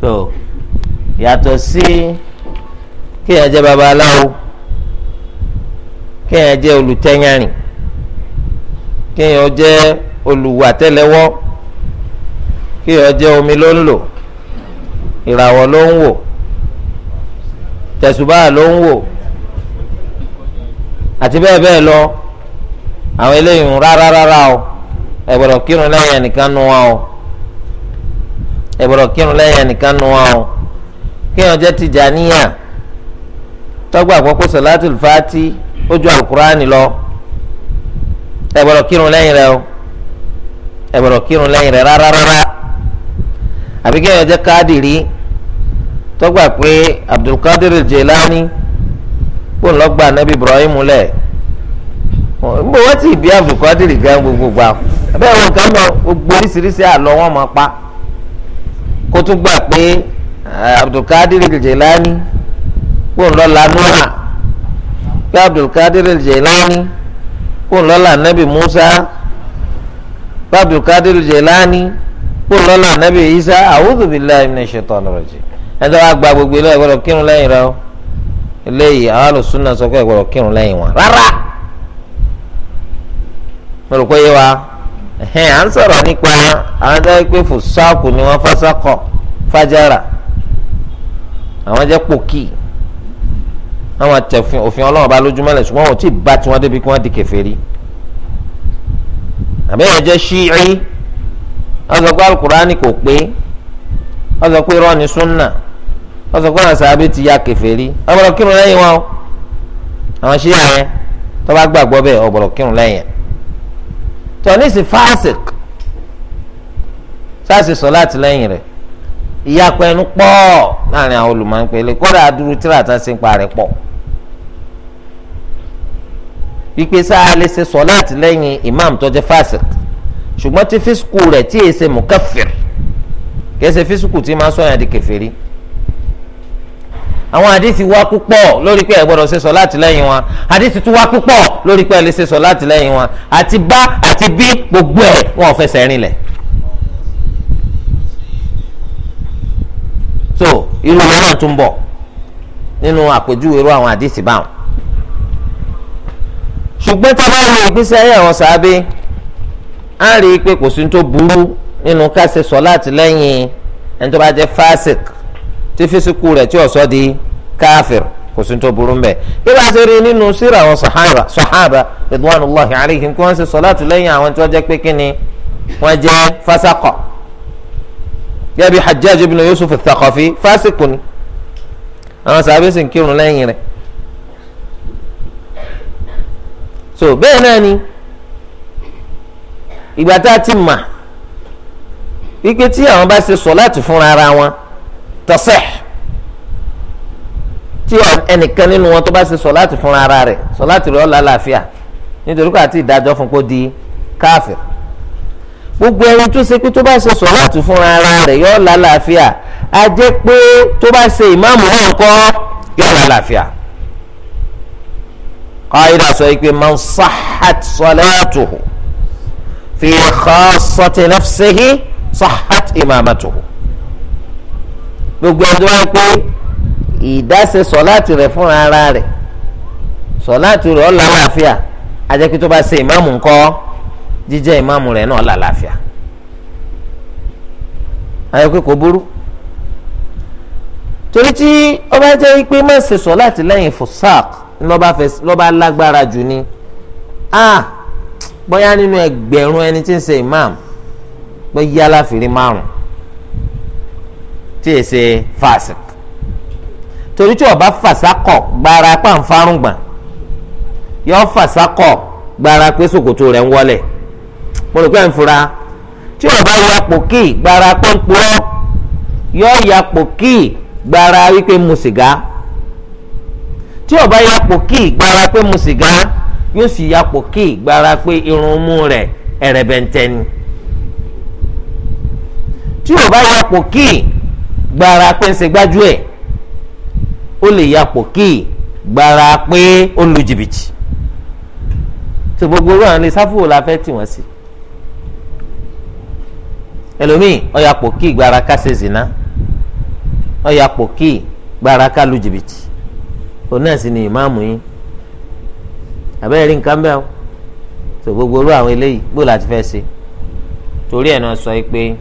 so yàtọ̀ sí kí ẹ jẹ́ babaláwo kí ẹ jẹ́ olùtẹ́yàrìn kí ẹ jẹ́ olùwàtẹ́lẹ́wọ́ kí ẹ jẹ́ omi ló ń lò ìràwọ̀ ló ń wò tẹ̀sùbá ló ń wò àti bẹ́ẹ̀ bẹ́ẹ̀ lọ àwọn eléyìí rárá rárá o ẹ gbọ́dọ̀ kírun lẹ́yìn ẹnìkan nu wa o ẹ gbọ́dọ̀ kírun lẹ́yìn ẹnìkan nu wa o kéèyàn jẹ́ tìjàníyà tọ́gbà àpapọ̀ sọ̀láàtì fàátì ó ju àlùkùránì lọ ẹ gbọ́dọ̀ kírun lẹ́yìn rẹ o ẹ gbọ́dọ̀ kírun lẹ́yìn rẹ rárá rárá àbí kéèyàn jẹ́ káàdì rí tọ́gbà pé Abdulkadir Jelani kó ń lọ́gbà nabi Ibrahim lẹ̀ nbọ wọ́n ti bí Abdulkadir gan gbogbo gbà abẹ́rẹ́ wọn kan bọ̀ gbogbo oríṣiríṣi àlọ́ wọn máa pa kó tún gbà pé Abdulkadir Jelani kó ń lọ́la Nuha pé Abdulkadir Jelani kó ń lọ́la nabi Musa pé Abdulkadir Jelani kó ń lọ́la nabi Isa a'udhu billahi minash shaitani rajim ẹni tó bá gba gbogbo ilé ẹgbọ́dọ̀ kírun lẹ́yìn rẹ o eléyìí àwọn alùsùnà sọ pé ẹgbọ́dọ̀ kírun lẹ́yìn wọn rárá mo rò pé yé wa ẹ̀hìn à ń sọ̀rọ̀ nípa àwọn tó pé fòsáàkù ni wọ́n fásákọ̀ fájára àwọn jẹ́ pòkì àwọn àtẹ̀fin òfin ọlọ́run bá lójúmọ́ lẹ̀ ṣùgbọ́n wọn ò tí ì bá tiwọn débi kí wọ́n di kèfèrí àbẹ́yẹn jẹ́ ṣíì wọ́n sọ wọ́n sọ pé àwọn sàábì ti ya kèfèrí ọgbọ̀dọ̀ kírun lẹ́yìn wọn o àwọn ṣíyà yẹn tó bá gbàgbọ́ bẹ́ẹ̀ ọgbọ̀dọ̀ kírun lẹ́yìn tọ́nísì fásik sáàsì sọ láti lẹ́yìn rẹ̀ ìyapọ̀ ẹnu pọ̀ láàrin àwọn olùmọ̀ọ́pẹ̀lẹ̀ kọ́dà adúrú tíra tá a ṣe pọ̀ wípé sáà lè ṣe sọ láti lẹ́yìn imam tó jẹ́ fásik ṣùgbọ́n tí físíkù rẹ̀ tí èsè mùkàfíìr kì í ṣe físíkù tí máa sọ yàn di kèfèrí àwọn àdìsí wá púpọ̀ lórí pé ẹ gbọ́dọ̀ ṣe sọ láti lẹ́yìn wọn àdìsí tún wá púpọ̀ lórí pé ẹ lè ṣe sọ láti lẹ́yìn wọn àti bá àti bí gbogbo ẹ̀ wọn ò fẹsẹ̀ rinlẹ̀. so irú wọn náà tún bọ̀ nínú àpèjúwe irú àwọn àdìsí báwọn. ṣùgbọ́n tá a bá wo ìgbésẹ̀ ayé àwọn sàábé á rí i pé kò sí tó burú nínú ká ṣe sọ láti lẹ́yìn ẹni tó bá jẹ́ fásik tí físíkù rẹ̀ tí ọ̀sọ́ di káfíìr kò sí tó burú mbẹ bí wàá ṣe rí nínú síra àwọn sahaba sahaba ridwanullahi alayhim kí wọ́n ṣe sọláàtì lẹ́yìn àwọn tí wọ́n jẹ́ pé kíni wọ́n jẹ́ fásákọ̀ gẹ́bí hajjaj ibn yusuf thaqafi fásikù ni àwọn sàbẹ̀ sì ń kírun lẹ́yìn rẹ̀ so bẹ́ẹ̀ náà ni ìgbà tá a ti mà wípé tí àwọn bá ṣe sọláàtì fúnra ara wọn tasih tí ẹnìkan nínú wọn tó bá ṣe sọláàtì fúnra ara rẹ̀ sọláàtì rẹ̀ ọlà àlàáfíà nítorí pé àti ìdájọ́ fún kó di káfíìn gbogbo ẹni tó ṣe pé tó bá ṣe sọláàtì fúnra ara rẹ̀ yọ ọlà àlàáfíà a jẹ́ pé tó bá ṣe ìmáàmù náà kọ́ yọ ọlà àlàáfíà sọ yìí pé man sahhat salatuhu fi khassati nafsihi sahhat imamatuhu gbogbo ẹni tó bá ń pè é ìdáṣe sọláàtì rẹ̀ fúnra ara rẹ̀ sọláàtì rẹ̀ ọ̀la àlàáfíà ajẹ́kí tó bá ṣe ìmáàmù ńkọ́ jíjẹ́ ìmáàmù rẹ̀ náà làlàáfíà ayọ̀kẹ́ kò burú torí tí ọba jẹ́ pé má ṣe sọláàtì lẹ́yìn fusaq lọ́ba lágbára jù ni ah bóyá nínú ẹgbẹ̀rún ẹni tí ń ṣe ìmáàmù bóyá aláfìrí márùn-ún tí è se fásitì torí tí ọba fàṣàkọ gbára pàǹfàrùngbà yọ fàṣàkọ gbára pé ṣòkòtò rẹ̀ ń wọlẹ̀ mo rò pé ń fura tí ọba ya pòkì gbára pé ń purọ́ yọ ya pòkì gbára wípé mu sìgá tí ọba ya pòkì gbára pé mu sìgá yóò sì ya pòkì gbára pé irun mú rẹ̀ ẹ̀rẹ̀bẹ̀ntẹ́ ni tí ọba ya pòkì gbára pé ń ṣe gbájú ẹ̀ ó lè yapò kí gbára pé ó lu jìbìtì tó gbogbo owó àwọn ilé sáfù la fẹ́ tì wọ́n sí ẹlòmíì ó yapò kí gbára ká ṣe zina ó yapò kí gbára ká lu jìbìtì òun náà sì ni ìmáàmù yín àbẹ́rẹ́ rí nǹkan bẹ́ẹ̀ o tó gbogbo owó àwọn eléyìí bó la fẹ́ ṣe torí ẹ̀ náà sọ pé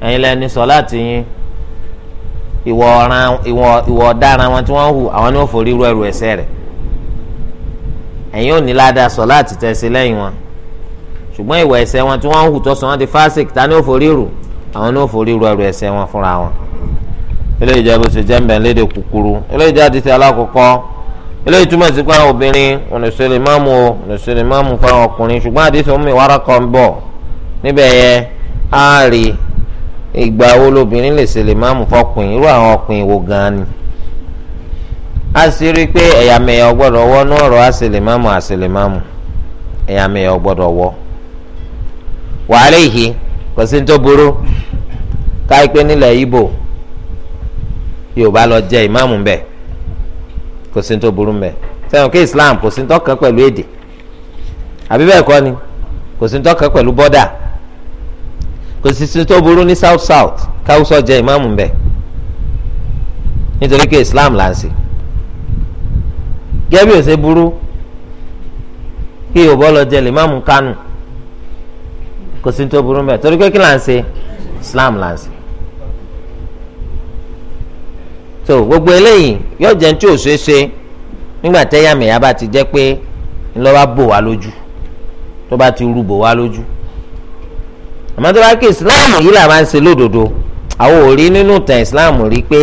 ẹ̀yin lẹ́ni sọ láti yín ìwọ ọ̀ràn ìwọ ọ̀daràn wọn tí wọ́n hù àwọn ni wọ́n forí ru ẹrù ẹ̀ṣẹ̀ rẹ̀ ẹ̀yin ò ní ládàá sọ láti tẹ̀sí lẹ́yìn wọn ṣùgbọ́n ìwọ ẹ̀ṣẹ̀ wọn tí wọ́n hù tó sọ wọn di fásik ta ó forí rù àwọn ni ó forí ru ẹrù ẹ̀ṣẹ̀ wọn fúnra wọn. eléyìí jẹ́ bó ṣe jẹ́ mbẹ̀ léde kúkúrú eléyìí jẹ́ àdìsí alákọ̀ọ́kọ́ eléyìí túmọ̀ sí pé obìnrin ònìṣẹ́lẹ̀ máàmù ìgbà wo lobìnrin lè ṣe lè má mú fọkùnrin irú wo gan ni a sì rí i pé ẹ̀yàmẹ̀yà ọgbọ́dọ̀ wọ́ ní ọ̀rọ̀ àṣẹlẹ̀máàmù àṣẹlẹ̀máàmù ẹ̀yàmẹ̀yà ọgbọ́dọ̀ wọ́ wàhálà ìhì kò sí ní tó burú káyipé nílẹ̀ ibo Yorùbá lọ jẹ ìmáàmù bẹ́ẹ̀ kò sí ní Islam kò sí ní tọ́kàn ni kò sí ní kò sì sí tó burú ní south south káwùsọ jẹ ìmáàmù bẹ nítorí pé islam là ń sè gẹ́bí ò ṣe burú kí yorùbá lọ jẹ ìmáàmù kánù kò sí tó burú bẹ torí pé kí là ń sè islam là ń sè so gbogbo eléyìí yóò jẹ́ ní tí ò ṣeé ṣe nígbà tẹ́yàmẹ̀yà bá ti jẹ́ pé ńlọ́ba bò wá lójú tó bá ti rú bò wá lójú àmọ́ tó bá kí islam yìí là máa ń ṣe lódodo àwọn ò rí nínú tàn islam rí pé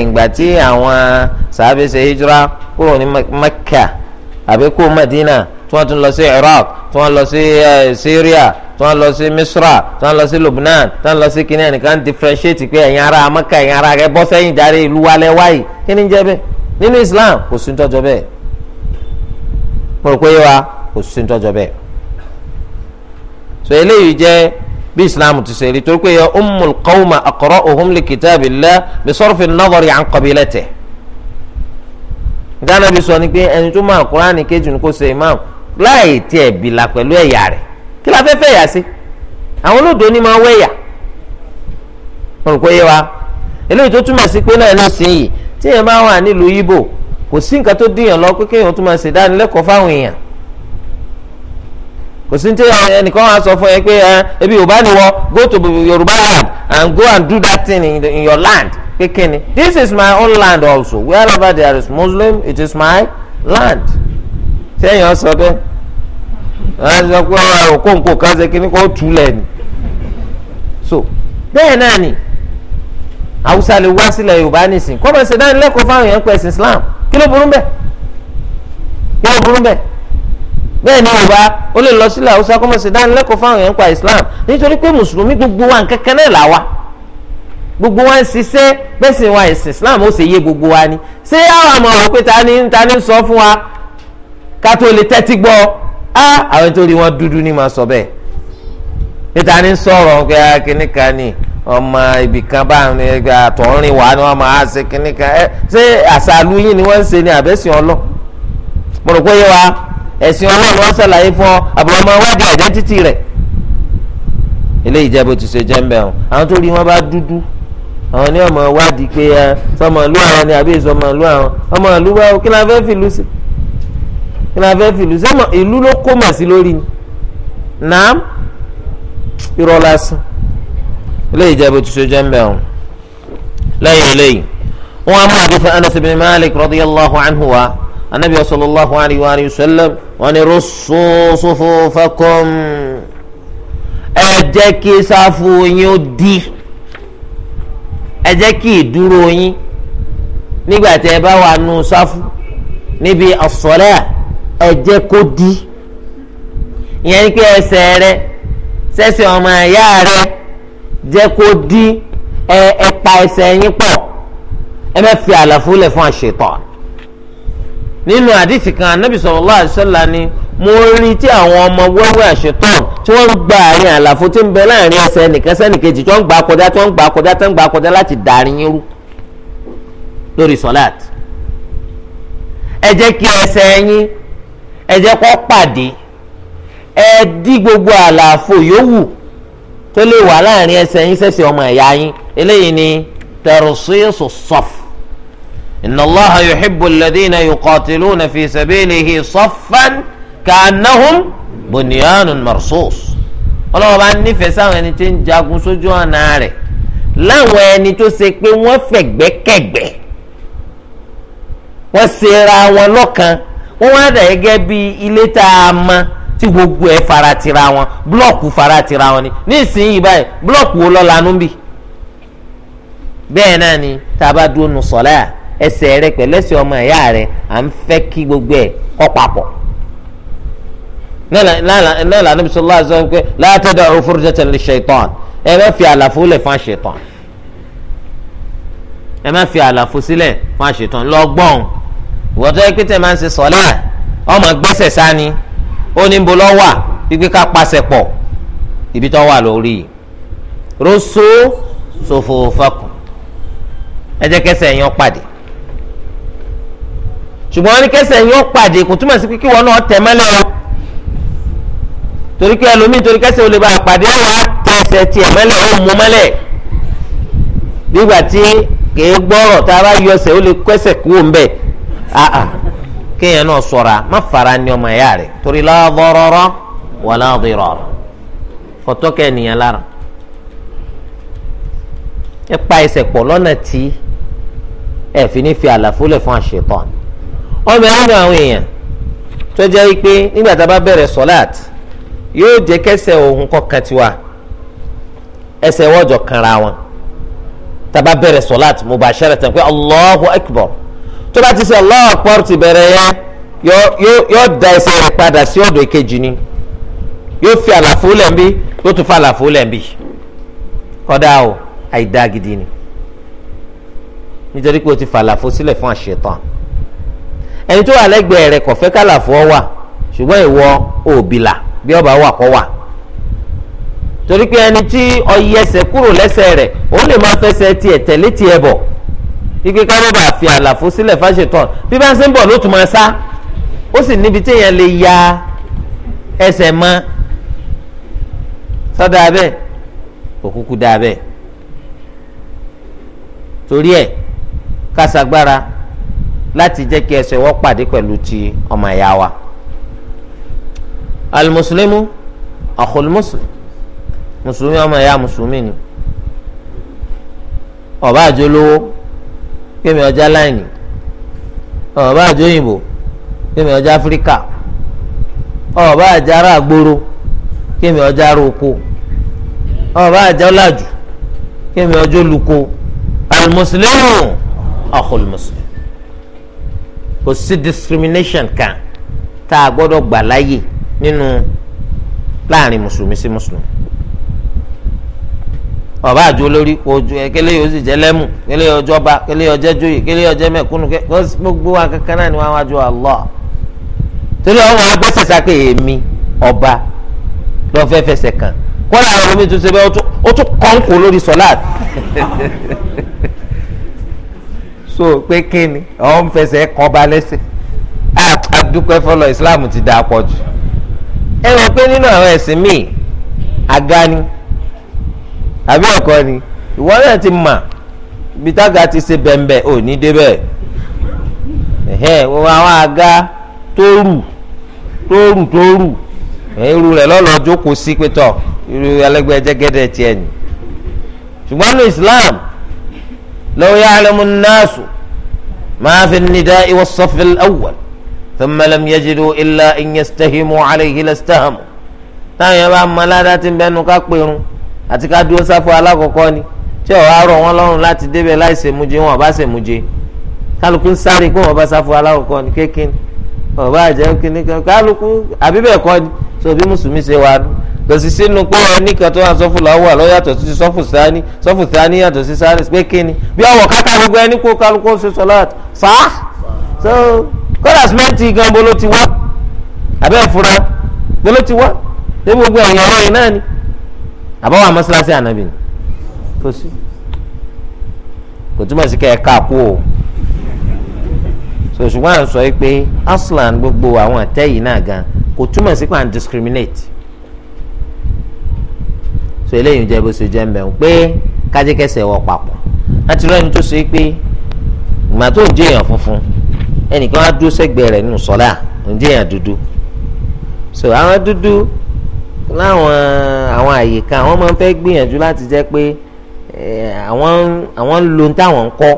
ìgbà tí àwọn sàábé ṣe hijra kúrò ní Mẹ́kà àbí kó Mẹ́dínà tí wọ́n tún lọ sí Iraq tí wọ́n lọ sí Syria tí wọ́n lọ sí Misra tí wọ́n lọ sí Lubnan tí wọ́n lọ sí kíní ẹnìkan differentiate pé ẹ̀yin ará Mẹ́kà ẹ̀yin ará rẹ bọ́ sẹ́yìn járe ìlú wa lẹ́wáyì kí ni jẹ́ bẹ́ẹ̀ nínú islam kò sí ń tọ́jọ́ bẹ́ẹ̀ mo rò pé yé wa kò sí ń tọ́jọ́ bẹ́ẹ̀ so eléyìí jẹ́ bí islam ti ṣe rí torí pé ya ummul qawma aqra'uhum li kitabillah bi sarfi an-nadari an qabilatihi gánà bí sọ ni pé ẹni tó máa kúránì kejì ni kò ṣe imam láì tiẹ̀ bìlà pẹ̀lú ẹ̀yà rẹ̀ kí la fẹ́ fẹ́ yà sí àwọn olódò ni máa wẹ̀yà wọn kò yé wa eléyìí tó túmọ̀ sí pé náà nísìnyí tí èèyàn bá wà nílùú Ìgbò kò sí nǹkan tó díyàn lọ pé kéèyàn tún máa ṣèdánilẹ́kọ̀ọ́ fáwọn èèyàn kò sí tí eh, ẹnìkan wá sọ fún ẹ pé ẹbí eh, yorùbá ni wọ go to yorùbá land and go and do that thing in, the, in your land kékeré this is my own land also wherever there is muslim it is my land sẹ́yìn ọ sọ bẹ́ẹ̀ wọ́n sọ pé òkòǹkò kan ṣe kíní kó tù lẹ̀ ni so bẹ́ẹ̀ náà ni haúsá lè wá sílẹ̀ yorùbá nìsín kọ́mọ̀ ṣe dánilẹ́kọ̀ọ́ fáwọn èèyàn pẹ̀sìn islam kí ló burú bẹ́ẹ̀ kí ló burú bẹ́ẹ̀ bẹ́ẹ̀ ni yorùbá ó lè lọ sílẹ̀ haúsá kó mọ̀ sí dánilẹ́kọ̀ọ́ fáwọn èèyàn pa islam nítorí pé mùsùlùmí gbogbo wa nǹkan kan náà là wá gbogbo wa ń ṣiṣẹ́ bẹ́ẹ̀ sì wa ẹ̀sìn islam ó ṣe yé gbogbo wa ni ṣé àwọn àmọ̀ ọ̀rọ̀ pé ta ni ta ni sọ fún wa ká tó lè tẹ́tí gbọ́ á àwọn nítorí wọn dúdú ni máa sọ bẹ́ẹ̀ pé ta ni sọ̀rọ̀ pé ah, kíní kan ni ọmọ ibì kan bá àtọ̀rìn wà ni wọ́n máa ṣe kíní kan ṣé àṣà àlùyìn ni wọ́n ń ṣe ni àbẹ́sìn ọlọ́ mo rò pé yẹ wa ẹ̀sìn ọlọ́run wọn ṣàlàyé fún ọ àbọ̀ ọmọ wádìí àìdẹ́ntìtì rẹ̀ eléyìí jẹ́ bó ti ṣe jẹ́ ń bẹ̀ wọn àwọn tó rí wọn bá dúdú àwọn ní ọmọ wádìí pé ẹ ah, sọmọ ìlú àwọn ni àbí ìsọmọ ìlú àwọn ọmọ ìlú wa kí la fẹ́ fìlú sí kí la fẹ́ fìlú sí ìlú ló kó mà sí lórí ni nàám irọ́ lásán eléyìí jẹ́ ti ṣe jẹ́ ń bẹ̀ wọn lẹ́yìn eléyìí wọn á mú àdìsẹ́ Anas Malik radiyallahu anhu wa anabi sallallahu alayhi wa sallam wọ́n ní russu sufufakum ẹ jẹ́ kí sáfù yín ó di ẹ jẹ́ kí ìdúró yín nígbà tẹ́ ẹ bá wà nù sáfù níbi as-salah ẹ jẹ́ kó di ìyẹn ni pé rẹ sẹ́sẹ̀ ọmọ ẹ̀yà rẹ jẹ́ kó di ẹ ẹ pa ẹsẹ̀ yín pọ̀ ẹ má fi àlàfo lẹ̀ fún àṣetán nínú àdìsí kan anábì sallallahu alaihi wasallam ni mo rí tí àwọn ọmọ wẹ́wẹ́ àṣetán tí wọ́n ń gba àárín àlàfo tí ń bẹ láàrin ẹsẹ̀ nìkan sẹ́nìkejì tí wọ́n ń gbà kọjá tí wọ́n ń gbà kọjá tí wọ́n ń gbà kọjá láti dàrin irú lórí sọ́láàt ẹ jẹ́ kí ẹsẹ̀ yín ẹ jẹ́ kó pàdé ẹ dí gbogbo àlàfo yòówù tó lè wà láàrin ẹsẹ̀ yín sẹ́sẹ̀ ọmọ ẹ̀yà yín eléyìí ni tẹ̀rọ̀síṣù sọ́fù inna الله يحب الذين يقاتلون في سبيله saffan ka'annahum بنيان مرصوص. ọlọ́wọ́ bá nífẹ̀ẹ́ sáwọn ẹni tí ń jagun sójú ọ̀nà rẹ̀ láwọn ẹni tó ṣe pé wọ́n fẹ̀gbẹ́kẹ̀gbẹ́ wọ́n ṣera wọn lọ́kan wọ́n wá dà gẹ́gẹ́ bí ilé tá a mọ tí gbogbo ẹ̀ faratira wọn blọ́ọ̀kù faratira wọn ni nísìnyí báyìí blọ́ọ̀kù wo lọ́la nú bẹ́ẹ̀ náà ni tá a bá dúró nu sọ̀lá yà ẹsẹ̀ rẹ pẹ̀lú ẹsẹ̀ ọmọ ìyá rẹ à ń fẹ́ kí gbogbo ẹ̀ kọ́ papọ̀ náà lànà bisalòlá àti sọ́n pé látọ̀dọ̀ òfurufú tẹ̀lé ṣètọ́n ẹ má fi àlàfo lẹ̀ fún àṣetọ́n ẹ má fi àlàfo sílẹ̀ fún àṣetọ́n lọ́gbọ́n ìwọ́tọ́ yẹ pé tẹ̀ máa ń ṣe sọ́lá ọmọ gbẹ́sẹ̀ sani ó ní bo lọ́wà pípé ká pàṣẹ pọ̀ ibi tó wà lórí rosso sòfò fakùn ẹ jẹ́ kẹsẹ̀ yẹn pàdé ṣùgbọ́n wọn ní kẹsẹ̀ yóò pàdé kò túmọ̀ sí pé kí wọn náà tẹ̀ mọ́lẹ̀ o torí pé ẹlòmíì torí kẹsẹ̀ olè bá pàdé ọ̀wá tẹ ẹsẹ̀ tiẹ̀ mọ́lẹ̀ ó mú mọ́lẹ̀ nígbà tí kèé gbọ́rọ̀ tá a bá yọ ẹsẹ̀ ó lè kẹsẹ̀ kúrò ń bẹ̀ àà kéèyàn náà ṣọ́ra má fara ní ọmọ ẹ̀yà rẹ̀ torí láàbọ̀rọ̀rọ̀ wà láàbìrọ̀rọ̀ kọ́tọ́kẹ́ ènìyàn lára ẹ pa ẹsẹ̀ pọ̀ lọ́nà tí ẹ fi ní fi àlàfo lẹ̀ fún àṣetọ́ni ọmọ nínú àwọn èèyàn tó jẹ́ wípé nígbà tá a bá bẹ̀rẹ̀ sọ́láàt yóò jẹ́ kẹsẹ̀ òun kọkàn tiwa ẹsẹ̀ wọ́jọ̀ kanra wọn tá a bá bẹ̀rẹ̀ sọ́láàt mubasharatan pé Allahu Akbar tó bá ti ṣe Allahu Akbar ti bẹ̀rẹ̀ yẹn yóò da ẹsẹ̀ rẹ̀ padà sí ọ̀dọ̀ ìkejì ni yóò fi àlàfo lẹ́ẹ̀bí yóò tún fa àlàfo lẹ́ẹ̀bí kọ́dá o àìdá gidi ni nítorí pé o ti fa àlàfo sílẹ̀ fún àṣetán ẹni tó wà lẹ́gbẹ̀ẹ́ rẹ̀ kọ̀fẹ́ kálàfọ́ wà ṣùgbọ́n ìwọ òbílà bí ọba wà kọ́ wà torí pé ẹni tí ọyẹ ẹsẹ̀ kúrò lẹ́sẹ̀ rẹ̀ ó lè máa fẹsẹ̀ tiẹ̀ tẹ̀lé tiẹ̀ bọ̀ ike ká bọ́ba àfi àlàfo sílẹ̀ fáṣetán bí bá ń sẹ́ ń bọ̀ ló tún máa sá ó sì níbi tí èèyàn lè ya ẹsẹ̀ mọ́ sọ́dọ̀ abẹ́ òkúkú dá abẹ́ torí ẹ̀ kásagbára láti jẹ́ kí ẹsẹ̀ wọ́n pàdé pẹ̀lú ti ọmọ ìyá wa. alimusulimu akhul muslim mùsùlùmí ọmọ ìyá mùsùlùmí ni ọba àjò lówó kémi ọjà láìní ọba àjò òyìnbó kémi ọjà áfíríkà ọba àjò ará àgbòrò kémi ọjà ará oko ọba àjò ọlàjù kémi ọjà olùkọ́ alimusulimu akhul kò sí discrimination kan tá a gbọ́dọ̀ gbà láàyè nínú láàrin mùsùlùmí sí mùsùlùmí ọba àjò lórí ojú ẹ kẹlẹ yóò sì jẹ lẹmù kẹlẹ yóò jọba kẹlẹ yóò jẹ joyè kẹlẹ yóò jẹ mẹ̀kúnnù gbogbo wa kankan náà ni wọn wájú Allah torí ọmọ abọ́ sẹ̀sà pé èmi ọba lọ́ọ́ fẹ́ fẹsẹ̀ kàn kọ́lá àwọn omi tuntun bẹ́ẹ̀ ó tún kọ́ńkò lórí sọ́láàtì. so pé kíni ọ̀hún fẹsẹ̀ kọ́ ba lẹ́sẹ̀ àdúpẹ́ fọlọ́ islam ti dà pọ̀ jù ẹ wọ pé nínú àwọn ẹ̀sìn míì àga ni àbí ọ̀kọ́ ni ìwọ náà ti mà bí tága ti ṣe bẹ̀m̀bẹ̀ ò ní débẹ̀ àwọn àga tó rù tó rù tó rù irú lọ́lọ́ لو يعلم الناس ما في النداء والصف الأول ثم لم يجدوا إلا أن يستهموا عليه لاستهموا táwọn yẹn bá mọ aládàá ti ń bẹnu ká pèrún àti ká dúró sáfù alákọ̀ọ́kọ́ ni tí ọ̀rọ̀ arọ wọn lọ́rùn láti débẹ̀ láì ṣèmúje wọn bá ṣèmúje kálukú ń sáré pé wọn bá sáfù alákọ̀ọ́kọ́ ni kékin ọ̀bá àjẹ́ kínní kálukú àbíbẹ̀ kọ́ ni tó bí mùsùlùmí ṣe wà kò sì sínú pé ẹnì kan tó wà sọ́fù làwọ̀ àlọ́ yàtọ̀ sí sọ́fù sani sọ́fù sani yàtọ̀ sí sani pé kíni bí ọwọ́ káká gbogbo ẹni kó kálukó ṣe sọlá sá so kọ́lá sìmẹ́ǹtì gan bolo ti wá abẹ́ ìfura bolo ti wá ṣé gbogbo ẹ̀yìn ọ̀rọ̀ yìí náà ni àbáwọ̀ amọ́síláṣí ànábì ni kò sí kò túmọ̀ sí kẹ́ ká kú o so ṣùgbọ́n à ń sọ yìí pé aslan gbogbo àwọn àtẹ́yìn náà gan kò túmọ̀ sí pé à ń discriminate so eléyìí jẹ́ bó ṣe jẹ́ mbẹ̀ pé kájíkẹsẹ̀ wọ papọ̀ láti rẹ́ni tó ṣe pé ìgbà tó jẹ́ èèyàn funfun ẹnìkan á dúró sẹ́gbẹ̀ẹ́ rẹ̀ nínú sọ́lá ń jẹ́ èèyàn dúdú so àwọn dúdú láwọn àwọn àyíká àwọn máa ń fẹ́ gbìyànjú láti jẹ́ pé eh, àwọn ń lo táwọn ń kọ́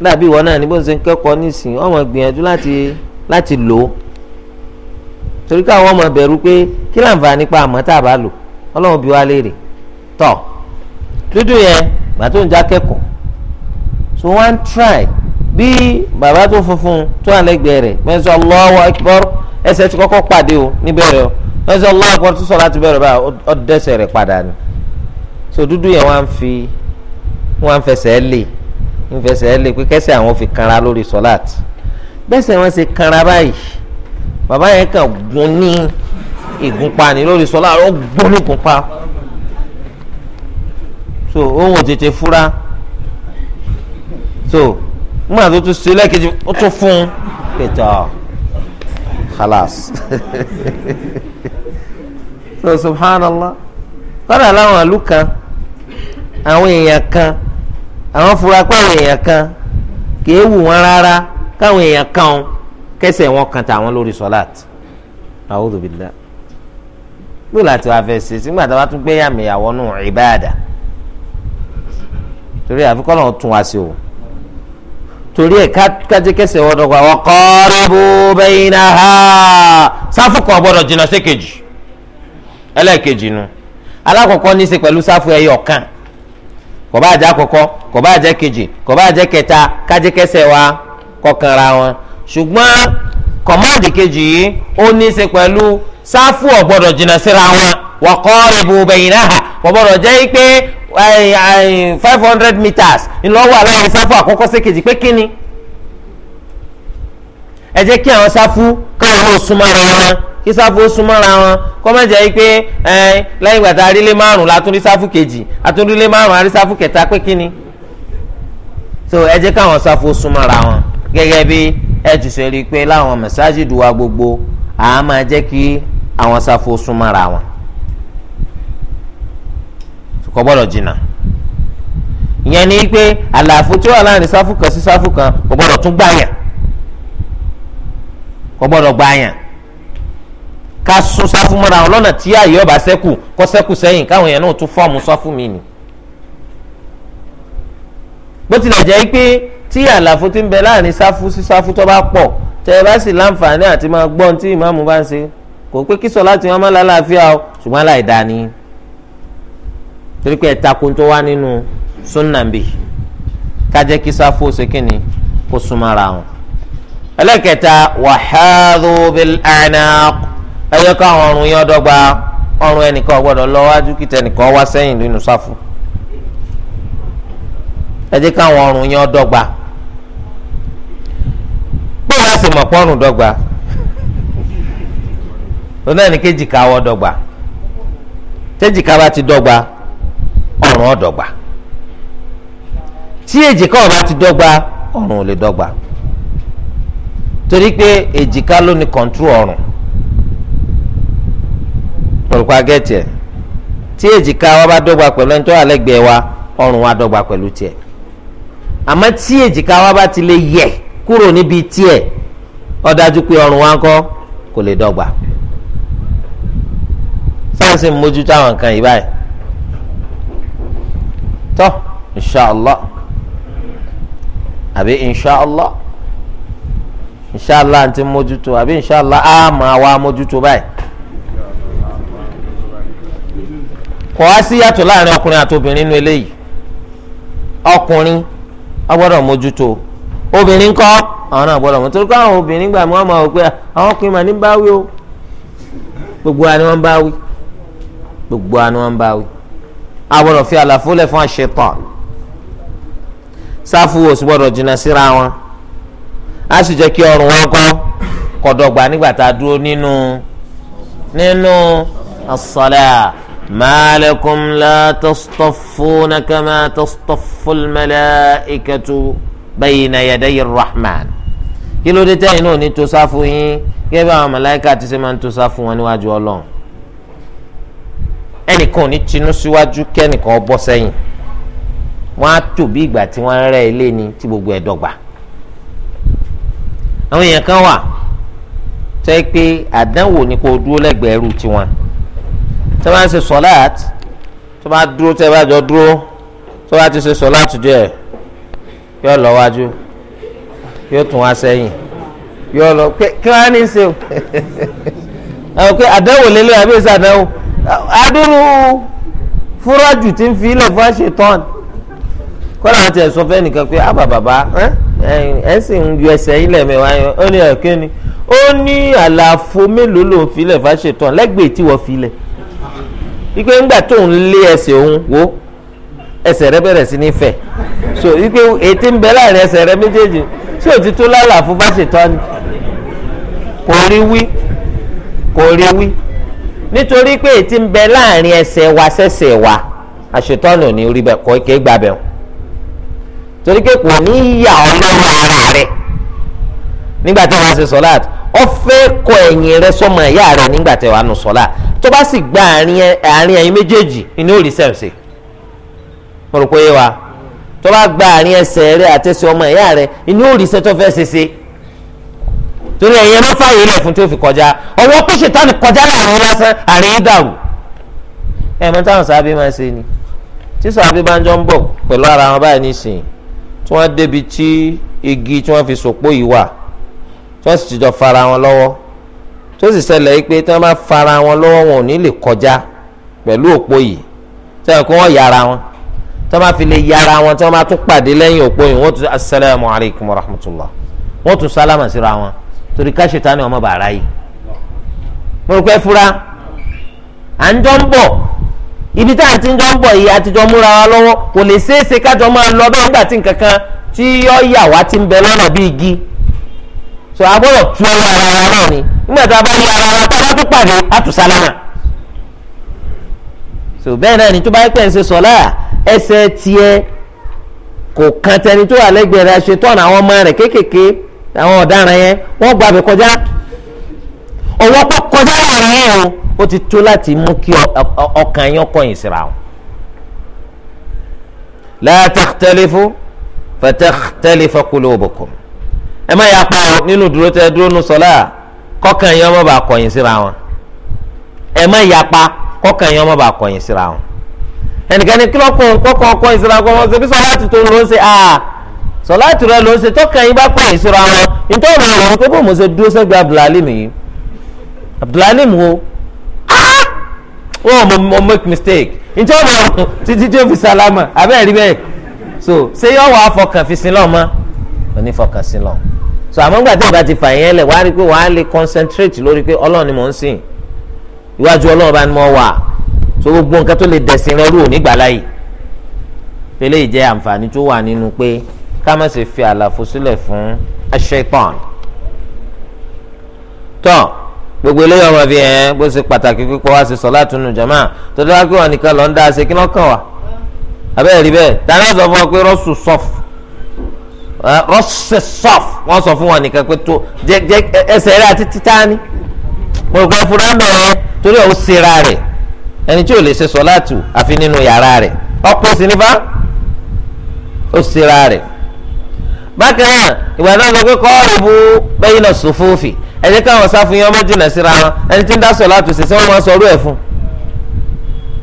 dàbí ìwọ náà ní bó ń ṣe ń kẹ́kọ̀ọ́ nísìnyí wọ́n máa gbìyànjú láti lò ó torí káwọn ọmọ bẹ̀rù pé kí láǹfààní pa àmọ́ tá a bá lò ọlọ́run bí wá léèrè tọ́ dúdú yẹn gbà tó ń já kẹ́kọ̀ọ́ so one try bí bàbá tó funfun tó wà lẹ́gbẹ̀ẹ́ rẹ̀ mẹ́sàn Allahu Akbar ẹsẹ̀ tí kọ́kọ́ pàdé o níbẹ̀rẹ̀ o mẹ́sàn Allahu Akbar tó sọ láti bẹ̀rẹ̀ báyìí ó dẹ́sẹ̀ rẹ̀ padà ni so dúdú yẹn wọ́n á fi wọ́n á ń fẹsẹ̀ lé ń fẹsẹ̀ lé pé kẹ́sẹ̀ àwọn fi kanra lórí sọ́láàtì bẹ́sẹ̀ wọn ṣe kanra báyìí bàbá yẹn kàn gún ní ìgúnpá ni lórí sọlá ó gbóni ìgúnpá so òun ò tètè fura so nígbà tó tún ṣe lẹ́ẹ̀kejì ó tún fún un pẹ̀tọ́ khalas so subhanallah kọ́dà láwọn ìlú kan àwọn èèyàn kan àwọn fura pé àwọn èèyàn kan kì í wù wọ́n rárá káwọn èèyàn kan kẹsẹ̀ wọn kan tàwọn lórí sọláàtì a'udhu billah. lula láti wá fẹ́ ṣe sígbà tá a bá tún gbé yàmì ìyàwó nù ìbáàdà torí àfikún náà tún wá sí o torí ẹ kájí kẹsẹ̀ wọ́n dọ̀gba wọ́n qaribu bainaha kan gbọ́dọ̀ jìnnà keji nu alákọ̀ọ́kọ́ ní í ṣe eyi sáfù ẹyọ kan kò bá jẹ́ kejì kò kẹta wa kọkànra wọn kejì yìí ó ní í sáfù ọ̀gbọ́dọ̀ jìnnà síra wọn wa qaribu bainaha ọ̀gbọ́dọ̀ jẹ́ pé eh, eh, five hundred meters ńlọ́wọ́ aláìní sáfù àkọ́kọ́ sékejì pé kíni ẹ jẹ́ kí àwọn sáfù káwọn súnmọ́ra wọn kí sáfù ó súnmọ́ra wọn kọ́ má jẹ́ pé eh, lẹ́yìn ìgbà tá a rí lé márùn látúndí sáfù kejì àtúndí lé márùn àrí sáfù kẹta pé kíni so ẹ jẹ́ káwọn sáfù ó súnmọ́ra wọn gẹ́gẹ́ bí ẹ jù sọ rí pé láwọn mẹ̀sáàjì dùwà gbogbo àá máa jẹ́ kí àwọn sáfù súnmọ́ra wọn kò gbọ́dọ̀ jìnnà ìyẹn ni pé àlàfo tí ó wà láàrin sáfù kan sí sáfù kan kò gbọ́dọ̀ tún gbàyàn kò gbọ́dọ̀ gbàyàn ká sún sáfù mọ́ra wọn lọ́nà tí ààyè ọba sẹ́kù kọ́ sẹ́kù sẹ́yìn káwọn èèyàn náà tún fọ́ọ̀mù sáfù mi ni bó tilẹ̀ jẹ́ pé tí àlàfo ti ń bẹ láàrin sáfù sí sáfù tó bá pọ̀ tẹ́ ẹ bá sì láǹfààní àti máa gbọ́n tí ìmáàmù bá ń ṣe kò pé kí sọlá tí wọn máa lálàáfíà o ṣùgbọ́n láì dá ni torí pé kun tó wá nínú sunnambi kájẹ́ kí sáfó ṣe kí ni kó súnmọ́ra wọn. ẹlẹ́kẹta wàhálù ọrùn yẹn ọdọgba ọrùn ẹnìkan gbọ́dọ̀ lọ kí tẹnìkan wá nínú ọrùn wàá sì mọ̀ tó náà ní kéjìká wọ́ dọ́gba bá ti dọgba ọrùn ó dọ́gba tí èjìká ò ti dọgba ọrùn ò lè dọgba torí pé èjìká ló ní kọ̀ǹtúrò ọrùn olùkọ́ agẹ́tì ẹ̀ tí èjìká wa bá dọ́gba pẹ̀lú ẹni tó wà lẹ́gbẹ̀ẹ́ wa ọrùn wa dọ́gba pẹ̀lú tiẹ̀ àmọ́ tí èjìká wa bá ti lè yẹ̀ kúrò níbi tiẹ̀ ó pé ọrùn wa ńkọ́ kò lè táwọn sì ń mójútó àwọn nǹkan yìí báyìí tó inshàlá àbí inshàlá inshàlá àti mójútó àbí inshàlá á máa wá mójútó báyìí. kò wá sí yàtọ̀ láàrin ọkùnrin àti obìnrin nínú eléyìí ọkùnrin ó gbọ́dọ̀ mójútó obìnrin kọ́ àwọn náà gbọ́dọ̀ mójútó kọ́ àwọn obìnrin gbà wọ́n máa wò pé ah, àwọn ọkùnrin mà ní báwí o gbogbo wa ni wọ́n báwí gbogbo àni wọn bá wí agbọ́dọ̀ fi àlàfo lẹ̀ fún àṣetán sáfù òsì gbọ́dọ̀ jìnnà síra wọn á sì jẹ́ kí ọrùn wọn kọ́ kọ̀dọ̀gba nígbà tá a dúró nínú nínú as-salah ma lakum la tastaffuna kama tastaffu al-malaikatu bayna yaday rahman kí ló dé tẹ́yìn náà ní tó yín gẹ́gẹ́ àwọn màláìka ti ṣe máa ń tó wọn níwájú ọlọ́run ẹnìkan ò ní tinú síwájú kẹ́nìkan bọ́ sẹ́yìn wọ́n á tò bí ìgbà tí wọ́n rẹ́ ilé ni tí gbogbo ẹ̀ dọ́gba àwọn èèyàn kan wà tó pé àdánwò ni kò dúró lẹ́gbẹ̀ẹ́ ẹrú tiwọn tó bá ń ṣe sọ́láàt tó bá dúró tẹ́ bá jọ dúró tó bá ti ṣe sọ́láàt díẹ̀ yóò lọ wájú yóò tún wá sẹ́yìn yóò lọ kí wọ́n á ní í ṣe o àwọn pé àdánwò lélẹ́yìn àbí ìṣàdánwò adúrú fúrọ́jù tí ń fi ilẹ̀ fún àṣetán kọ́lá àwọn tiẹ̀ sọ fẹ́ẹ́ nìkan pé àbà bàbá ẹ̀ sì ń yọ ẹsẹ̀ ilẹ̀ mẹ́wàá yẹn ó ní ẹ̀kẹ́ ni ó ní àlàfo mélòó ló ń fi ilẹ̀ fún àṣetán lẹ́gbẹ̀ẹ́ tí wọ́n fi ilẹ̀ wípé ńgbà tó ń lé ẹsẹ̀ òun wo ẹsẹ̀ rẹ bẹ̀rẹ̀ sí ní fẹ̀ so wípé ètí ń bẹ láàrin ẹsẹ̀ rẹ méjèèjì tí ò ti tó lálàfo bá ṣetán ni kò rí wí kò rí wí nítorí pé ètí ń bẹ láàrin ẹsẹ̀ wa sẹ́sẹ̀ wa àṣetọ́nù ò ní rí bẹ́ẹ̀ kọ́ ké gbà bẹ́ẹ̀ torí pé kò ní yà ọ́ lọ́wọ́ ara rẹ̀ nígbà tí wọ́n ṣe sọ́láàtì ó fẹ́ kọ ẹ̀yìn rẹ sọ́mọ ẹ̀yà rẹ̀ nígbà tí wọ́n á nu sọ́lá tó bá sì gba àárín ẹ̀yìn méjèèjì ni ó rí sẹ́ǹsì mo rò pé yé wa tó bá gba àárín ẹsẹ̀ rẹ àtẹ̀sẹ̀ ọmọ ẹ̀yà rẹ̀ ni ó rí sẹ́tọ́ fẹ́ ṣe torí ẹ̀yẹ má fààyè rẹ̀ fún tí ó fi kọjá ọwọ́ pé ṣètánì kọjá láàrin lásán àárín yín dàrú. ẹ mọ táwọn sábẹ́ máa ṣe ni tí sábẹ́ bá ń jọ ń bọ̀ pẹ̀lú ara wọn báyìí nísìnyí tí wọ́n débi tí igi tí wọ́n fi sòpó yìí wà tí wọ́n sì ti jọ fara wọn lọ́wọ́ tó sì ṣẹlẹ̀ yìí pé tí wọ́n bá fara wọn lọ́wọ́ wọn ò ní lè kọjá pẹ̀lú òpó yìí sẹ́yìn kó wọ́n yára wọn tí wọ́n bá fi lè yára wọn tí wọ́n bá tún pàdé lẹ́yìn òpó yìí wọ́n tún torí ká ṣètánì ọmọ bàrà yìí mo rò pé fura à ń jọ ń bọ̀ ibi tá à ti jọ ń bọ̀ yìí àtijọ́ múra wa lọ́wọ́ kò lè ṣeé lọ tí yọ yà ti ń bẹ lọ́nà bí igi so a gbọ́dọ̀ tu ọwọ́ ara wa náà ni nígbà tá a bá yọ ara wa so bẹ́ẹ̀ náà ni tó bá pẹ̀ ń ṣe ẹsẹ̀ tiẹ̀ kò tẹni tó wà lẹ́gbẹ̀ẹ́ àwọn ọ̀daràn yẹn wọ́n gba àbẹ̀ kọjá ọwọ́ kọjá láàrin yẹn o ó ti tó láti mú kí ọkàn yẹn kọ̀yìn síra o. la takhtalifu ẹ má yà pa ọ nínú dúró tẹ dúró nu sọlá kọkàn yẹn ọmọ bá kọ̀yìn síra wọn ẹ má yà pa kọkàn yẹn ọmọ bá síra wọn ẹnìkan kílọ̀kùn kọkàn síra wọn ṣe bí tó sọláàtì rẹ ló ń ṣe tọkàn yín bá pè é síra wọn nítorí wọn rò pé bó mo ṣe dúró sẹgbẹ abdulhalim yìí abdulhalim wo wọn mo make mistake nítorí wọn rò títí tí ó fi sálámà abẹ́rẹ́ rí bẹ́ẹ̀ so ṣé yọ wàá fọkàn fi sin lọ mọ́ onífọkàn sin lọ so àmọ́ nígbà tí ìgbà ti fà yẹn lẹ̀ wàá rí pé wàá lè concentrate lórí pé ọlọ́run ni mò ń sìn iwájú ọlọ́run bá ni mo wà so gbogbo nǹkan tó lè dẹ̀sìn rẹ rú òní gbàláyè tẹ́lẹ̀ ìjẹ́ àǹfààní tó wà nínú pé ká má ṣe fi àlàfo sílẹ̀ fún aṣẹ́tàn. tọ́ gbogbo eléyìí ọmọ bíi ẹ̀ bó ṣe pàtàkì pípọ̀ wá sí sọ́lá tunu jama tó dáa pé wọn nìkan lọ ń dá ṣe kí lọ́kàn wá abẹ́rẹ́ rí bẹ́ẹ̀ tani wọ́n sọ fún wọn pé rọ́ṣù sọ́f rọ́ṣù sọ́f wọ́n sọ fún wọn nìkan pé tó jẹ ẹsẹ̀ rẹ̀ àti títà ni mo rò pé fúnra mẹ́rin torí ọ̀ ṣera rẹ̀ ẹni tí ò lè ṣe sọ́lá tù àfi nínú yàrá rẹ̀ ọ̀pọ̀ sí ní bá ó ṣera rẹ̀. bákan náà ìgbà náà kọọrọ pé kọ́ọ̀rù bu bẹ́yìn náà sòfófì káwọn sáfù yẹn ọmọ jìnnà síra wọn ẹni tí ń dá sọ̀lá tó ṣẹṣẹ́ wọn máa sọ ọrú ẹ̀ fún.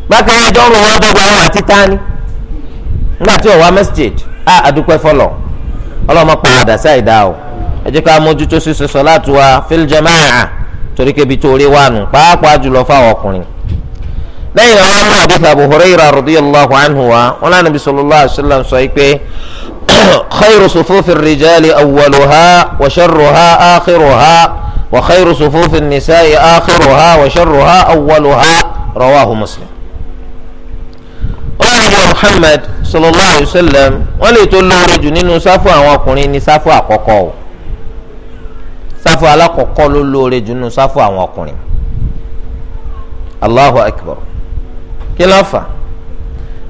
bákan náà ẹjọ́ rò wọ́n dọ́gba àwọn àti tání nígbà tí ọ̀wá masjid á àdúpẹ́ fọlọ̀ ọlọ́mọ o ká mójútó torí kébi tó rí wánu pàápàá jùlọ fáwọn lẹ́yìn náà wọ́n mú àdìs Abu Hurairah radiyallahu anhu wa wọn lánàá bí sallallahu alayhi wa sallam sọ yìí pé khayru sufufi rijali awwaluha wa sharruha akhiruha wa khayru sufufi nisa'i akhiruha wa sharruha awwaluha rawahu muslim. wọ́n lè Muhammad sallallahu alayhi wa sallam wọ́n lè tó lóore jù nínú sáfù àwọn ọkùnrin ní sáfù àkọ́kọ́ o sáfù alákọ̀ọ́kọ́ ló lóore jù nínú sáfù àwọn ọkùnrin Allahu akbar. kí ló fà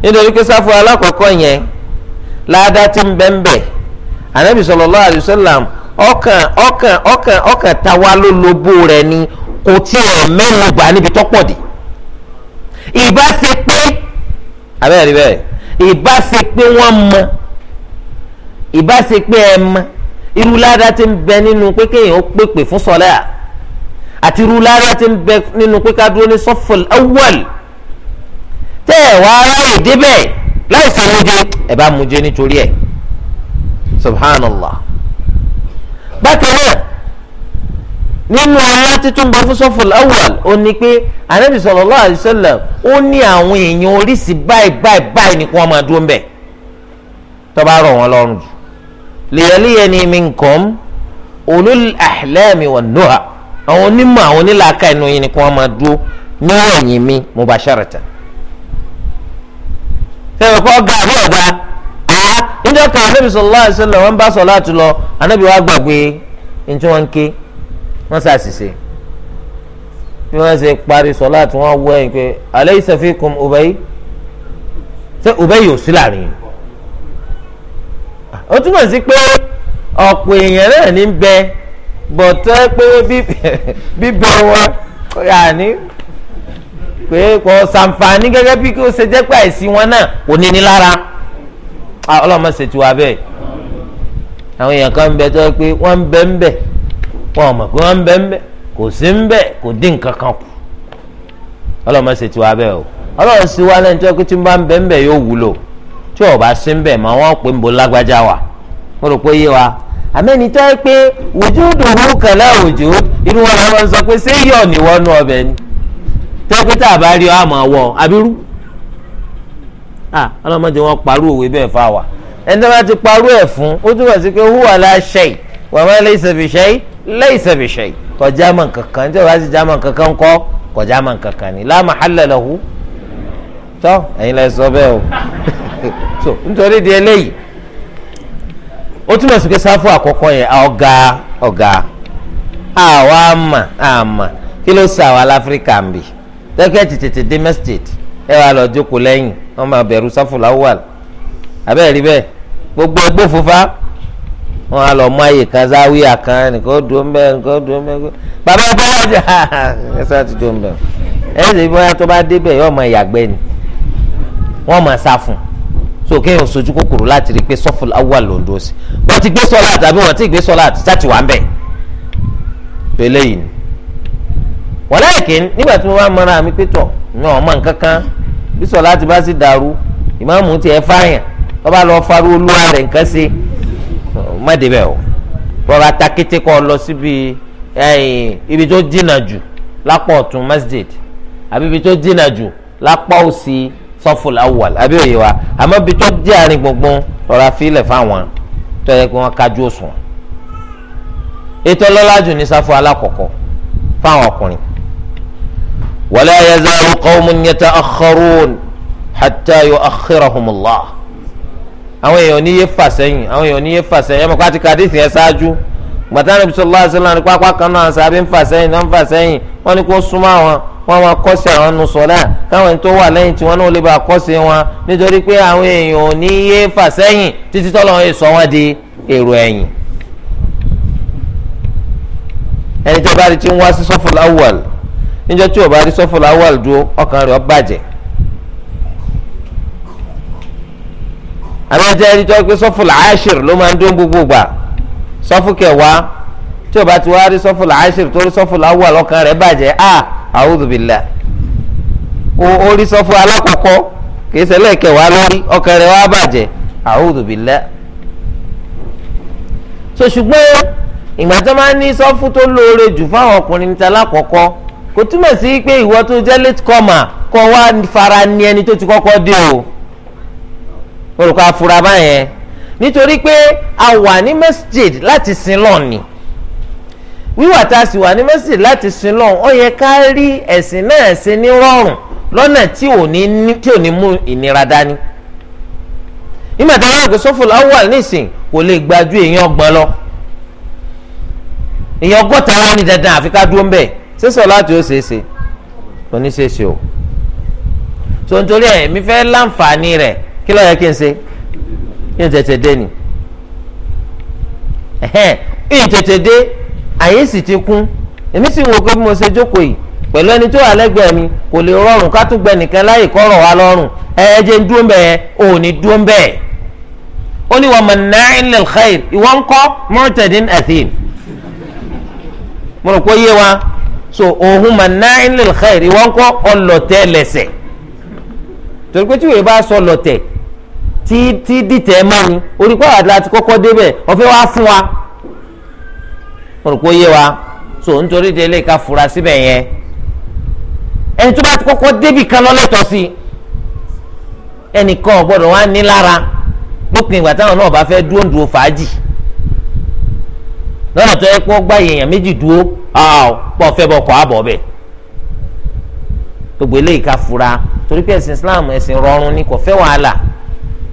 nítorí pé sáfù alákọ̀ọ́kọ́ yẹn láàdá tí ń bẹ́ẹ̀ anabi sallallahu alayhi ọkàn ọkàn ọkàn ọkàn tawa ló lobó ni kò tiẹ̀ mẹ́nu gbà níbi tọ́pọ̀ dé ìbá ṣe pé abẹ́rẹ́ bẹ́ẹ̀ ìbá pé wọ́n mọ ìbá pé ẹ mọ irú ti ń bẹ nínú pé kéèyàn ó pèpè fún sọlẹ́ àti irú ti ń bẹ nínú pé ká dúró ní tẹ́ ẹ̀ wá aráyè débẹ̀ láì sàmójú ẹ̀ bá mójú nítorí ẹ̀ subhanallah bákan náà nínú ọlá títún bọ fún sọfọl awal ó ní pé anabi sallallahu alaihi wasallam ó ní àwọn èèyàn oríṣi báyìí báyìí báyìí ni kí wọn máa dúró mbẹ tọba rọ̀ wọ́n lọ́rùn jù liyaliyani minkum ulul ahlami wan nuha àwọn onímọ̀ àwọn onílàákà inú yìí ni kí wọn máa dúró ní ẹ̀yìn mi mubasharatan sẹ́wọ̀n kọ́ ga àbí ọ̀gá a níjọ́ kan anábì sallallahu alaihi wasallam wọ́n bá sọ láti lọ anábì wa gbàgbé ntí wọ́n ń ké wọ́n ṣàṣìṣe bí wọ́n ṣe parí sọ láti wọ́n wọ ẹ̀yìn pé alaysa fikum Ubay ṣé Ubay yóò sí láàrin ó túmọ̀ sí pé ọ̀pọ̀ èèyàn náà ní bẹ bọ̀tọ́ pé bíbẹ wọn yà ní pé kò sàǹfààní gẹ́gẹ́ bí kò ṣe jẹ́ pé àìsí wọn náà kò ní ní lára ọlọ́mọ ṣètò wa àwọn èèyàn kan ń bẹ tó pé wọ́n ń bẹ ń bẹ mọ̀ pé wọ́n ń o ọlọ́run tó pé tí wọ́n bá ń bẹ ń bẹ yóò wúlò tí ò wa rò pé yé wa àmẹ́ni tó pé dùn ún wọn làwọn tẹ́kítà àbárí ọ àmọ́ wọ abirú ọlọ́mọdé wọn parú òwe bẹ́ẹ̀ fà wá ẹni tó bá ti parú ẹ̀ fún ó túbọ̀ sí pé huwa la shay wa ma laysa bi shay laysa bi shay kò jámọ̀ kankan tí o bá ti jámọ̀ kankan kọ́ kò jámọ̀ kankan ni la mahalla lahu tọ́ ẹ̀yin lẹ sọ bẹ́ẹ̀ o so nítorí di eléyìí ó túbọ̀ sí pé sáfù àkọ́kọ́ yẹn ọ̀gá ọ̀gá àwa àmà àmà kí ló sọ àwa láfíríkà ń bì tẹ́kẹ́tì tètè dé mẹ́sítẹ̀tì ẹ wàá lọ jókòó lẹ́yìn wọ́n máa bẹ̀rù sáfùlà wà abẹ́rẹ́ rí bẹ́ẹ̀ gbogbo ẹgbẹ́ òfófá wọ́n á lọ mú àyè kan záwíyà kan nìkan ó dúró mbẹ́ nìkan ó dúró mbẹ́ bàbá bọ́lá jà ẹ sá ti dúró mbẹ́ ẹ ṣe bóyá tó bá débẹ̀ yóò mọ ìyàgbẹ́ ni wọ́n mọ̀ sá fún so kéèyàn sojú kòkòrò láti rí i pé sọ́fúnlá wà lóńdó sí wọ́n ti gbé sọ́lá àtàbí wọ́n ti gbé sọ́lá àti sátìwá ń bẹ̀ pélé yìí ni walakin nígbà tí mo bá mọra mi pé tọ̀ ní ọmọ nǹkan kan bí sọ láti bá sì dàrú ìmáàmù tiẹ̀ fáyàn wọ́n bá lọ farú olúwa rẹ̀ nǹkan ṣe mọ́dé bẹ́ẹ̀ o rọra ta kété kọ́ lọ síbi ibi tó jìnnà jù lápá ọ̀tún masjid àbí ibi tó jìnnà jù lápá òsì sọ́fùl awwal àbí òye wa àmọ́ ibi tó jẹ́ àárín gbùngbùn rọra fílẹ̀ fáwọn tó yẹ kí wọ́n kájú òṣùwọ̀n ètò ọlọ́lá jù ní sáfù alákọ̀ọ́kọ́ fáwọn ọkùnrin wala yazalu qawmun yata'akhkharun hatta yu'akhkhirahumullah àwọn èèyàn ní yé fà sẹ́yìn àwọn èèyàn ní yé fà sẹ́yìn ẹ mọ̀ pé àti kàdísì yẹn ṣáájú gbàtà níbi sọlá àṣìlá ní pápá kan náà sábẹ́ ń fà sẹ́yìn náà ń fà sẹ́yìn wọ́n ní kó súnmọ́ àwọn wọ́n máa kọ́sẹ̀ àwọn nu sọ̀lá káwọn ẹni tó wà lẹ́yìn tí wọ́n náà lè bá kọ́sẹ̀ wọn nítorí pé àwọn èèyàn ní yé fà sẹ́yìn títí tọ́lọ́ yẹn sọ níjọ́ tí o bá rí sọ́fún lawal dúró ọkàn rẹ̀ ọ bàjẹ́ àmọ́ jẹ́ ẹni tó pé sọ́fún làásìr ló máa ń dún gbogbo gbà sọ́fún kẹwàá tí o bá ti wá rí sọ́fún làásìr tó rí sọ́fún lawal ọkàn rẹ̀ bàjẹ́ a àwùdùbìlà o rí sọ́fún alákọ̀ọ́kọ́ kì í ṣẹlẹ̀ kẹwàá lórí ọkàn rẹ̀ wá bàjẹ́ àwùdùbìlà so ṣùgbọ́n ìgbà tó máa ń ní sọ́fún tó lóore jù fáwọn ọkùnrin níta lákọ̀ọ́kọ́ kò túmọ̀ sí pé ìwọ tó jẹ́ late comer kọ́ wá fara ní ẹni tó ti kọ́kọ́ dé o olùkọ́ afura báyẹn nítorí pé a wà ní masjid láti sin lọ́ọ̀ ni wíwà tá a sì wà ní masjid láti sin lọ́ọ̀ ó yẹ ká rí ẹ̀sìn náà ṣe ní rọrùn lọ́nà tí ò ní mú ìnira dání ìmọ̀tá wà kò sọ́fò lọ́wọ́ nísìn kò lè gbajú èèyàn ọgbọ́n lọ èèyàn ọgọ́ta wà dandan àfi ká dúró ń bẹ́ẹ̀. sísọ láti ó ṣeéṣe kò ní ṣeéṣe o so nítorí ẹ mi fẹ́ láǹfààní rẹ̀ kí ló yẹ kí n ṣe kí n tètè dé ni ẹ̀hẹ́n tètè dé àyè sì ti kún èmi sì wò pé bí mo ṣe jókòó yìí pẹ̀lú ẹni tó wà lẹ́gbẹ̀ẹ́ mi kò lè rọrùn ká tún gbẹ nìkan láyè kọ́rọ̀ wa lọ́rùn ẹ ń dúró ń ò ní dúró ń ó ní wa manna'in lil khair ìwọ ń kọ́ mu'tadin athin mo rò pé yé wa so òhun mà náà lè xẹ́rì wọ́n kọ́ ọlọ́tẹ̀ lẹ́sẹ̀ torí pé tí wòye bá sọ lọ́tẹ̀ tí tí dìtẹ̀ máa ní orí pàrọ̀ láti kọ́kọ́ débẹ̀ ọ̀fẹ́ wá fún wa mo rò pé ó yé wa so nítorí délé ká fura síbẹ̀ yẹn ẹni tó bá ti kọ́kọ́ débì kan lọ́lẹ́tọ̀ sí ẹnìkan ò gbọ́dọ̀ wá ní lára lópin ìgbà táwọn náà bá fẹ́ dúró ń dúró fàájì lọ́nà tó yẹ kó gbá èèyàn méjì dúró àá pọ̀ fẹ́ bọ̀ kọ́ àbọ̀ bẹ̀ gbogbo eléyìí ká fura torí pé ẹ̀sìn Islam ẹ̀sìn rọrùn ni kò fẹ́ wàhálà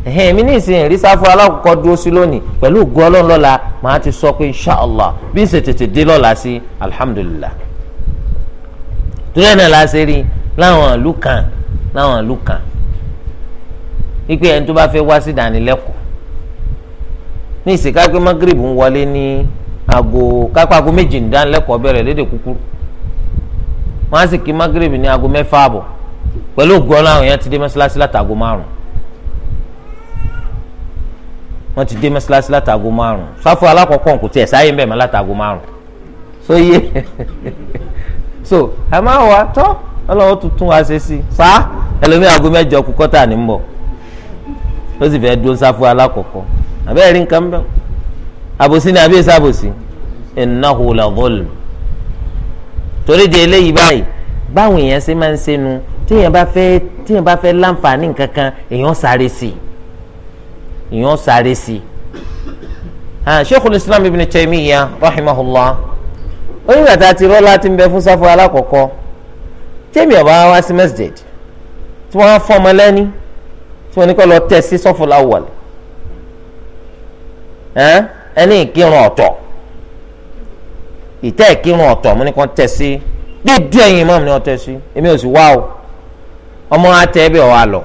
ẹ̀hìn mi ní ìsìn rí sáfù alákọ̀ọ́kọ́ dúró sí lónìí pẹ̀lú ògo ọlọ́run lọ́la màá ti sọ pé inṣàlá bí ṣe tètè dé lọ́la sí alhamdulillah torí ẹ̀ náà la ṣe rí láwọn ìlú kan láwọn ìlú kan wípé ẹni tó bá fẹ́ wá sí ìdánilẹ́kọ̀ọ́ ní ìsìnká pé magrib ń wọlé ní. Ni Ago kápá aago méjì ní dánilẹ́kọ̀ọ́ bẹ̀rẹ̀ lédè kúkúrú wọ́n á sì kí magreth ní aago mẹ́fà àbọ̀ pẹ̀lú ògùn ọlọ́run yẹn ti dé mọ́ṣáláṣí látàgò márùn wọ́n ti dé mọ́ṣáláṣí látàgò márùn sáfù alákọ̀ọ́kọ́ kò tiẹ̀ sáyé ń bẹ̀ mọ́ látàgò márùn so yé so ẹ máa wà tọ́ ọlọ́run tuntun wá ṣe sí fa ẹlòmíì aago mẹ́jọ kú kọ́tà ní ń bọ̀ ó sì fẹ́ dúró sáfù alákọ̀ọ́kọ́ àbẹ́rẹ́ nǹkan bẹ́ẹ̀ àbòsí ni àbí ìsàbòsí innahu la zulm torí di eléyìí báyìí báwọn èèyàn ṣe máa ń ṣẹnu téèyàn bá fẹ́ téèyàn bá fẹ́ láǹfààní nǹkan kan èèyàn sáré sí i èèyàn sáré sí i. sheikhul islam ibn taymiya rahimahullah onígbà tá a ti rọ́lá ti ń bẹ fún sáfù alákọ̀ọ́kọ́ tèmi ọba wá sí masjid tí wọ́n á fọ́ ọmọ lẹ́ni tí wọ́n ní kọ́ lọ tẹ̀ sí sọ́fù láwọ̀lẹ̀ ẹni ìkírun ọ̀tọ̀ ìtẹ́ ìkírun ọ̀tọ̀ mo ní kàn tẹ̀ sí dídú ẹ̀yìn mọ́ mi ni wọ́n tẹ̀ sí èmi ò sì wá o ọmọ atẹ ẹbí ọ̀ wa lọ.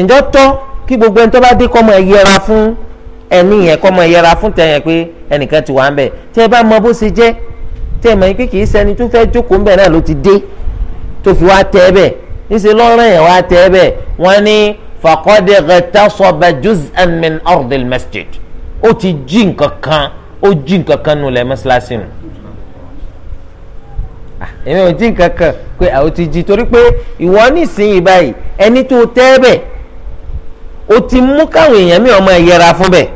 ǹjọ́ tọ́ kí gbogbo ẹni tó bá dé kọ́ mọ ẹ yẹra fún ẹni yẹn kọ́ mọ ẹ yẹra fún tẹ̀yẹn pé ẹnìkan ti wà ń bẹ̀ tí ẹ bá mọ bó ṣe jẹ́ tẹ́ ẹ mọ̀ pé kì í ṣẹni tó fẹ́ jókòó ń bẹ̀ náà ló ti dé tó fi wá tẹ́ ẹ bẹ̀ níṣẹ́ lọ́rọ̀ yẹn wá tẹ́ ẹ bẹ̀ wọ́n ní faqad ightasaba juz'an min ardil masjid ó ti jí nǹkan kan ó jí nǹkan kan nù lẹ mọ́ṣáláṣí nù ah, èmi ò jí nǹkan kan pé àwọn ti jí torí pé ìwọ nísìnyí báyìí ẹni tó tẹ́ bẹ̀ o ti mú káwọn èèyàn mi ọmọ ẹ̀yẹra fún bẹ̀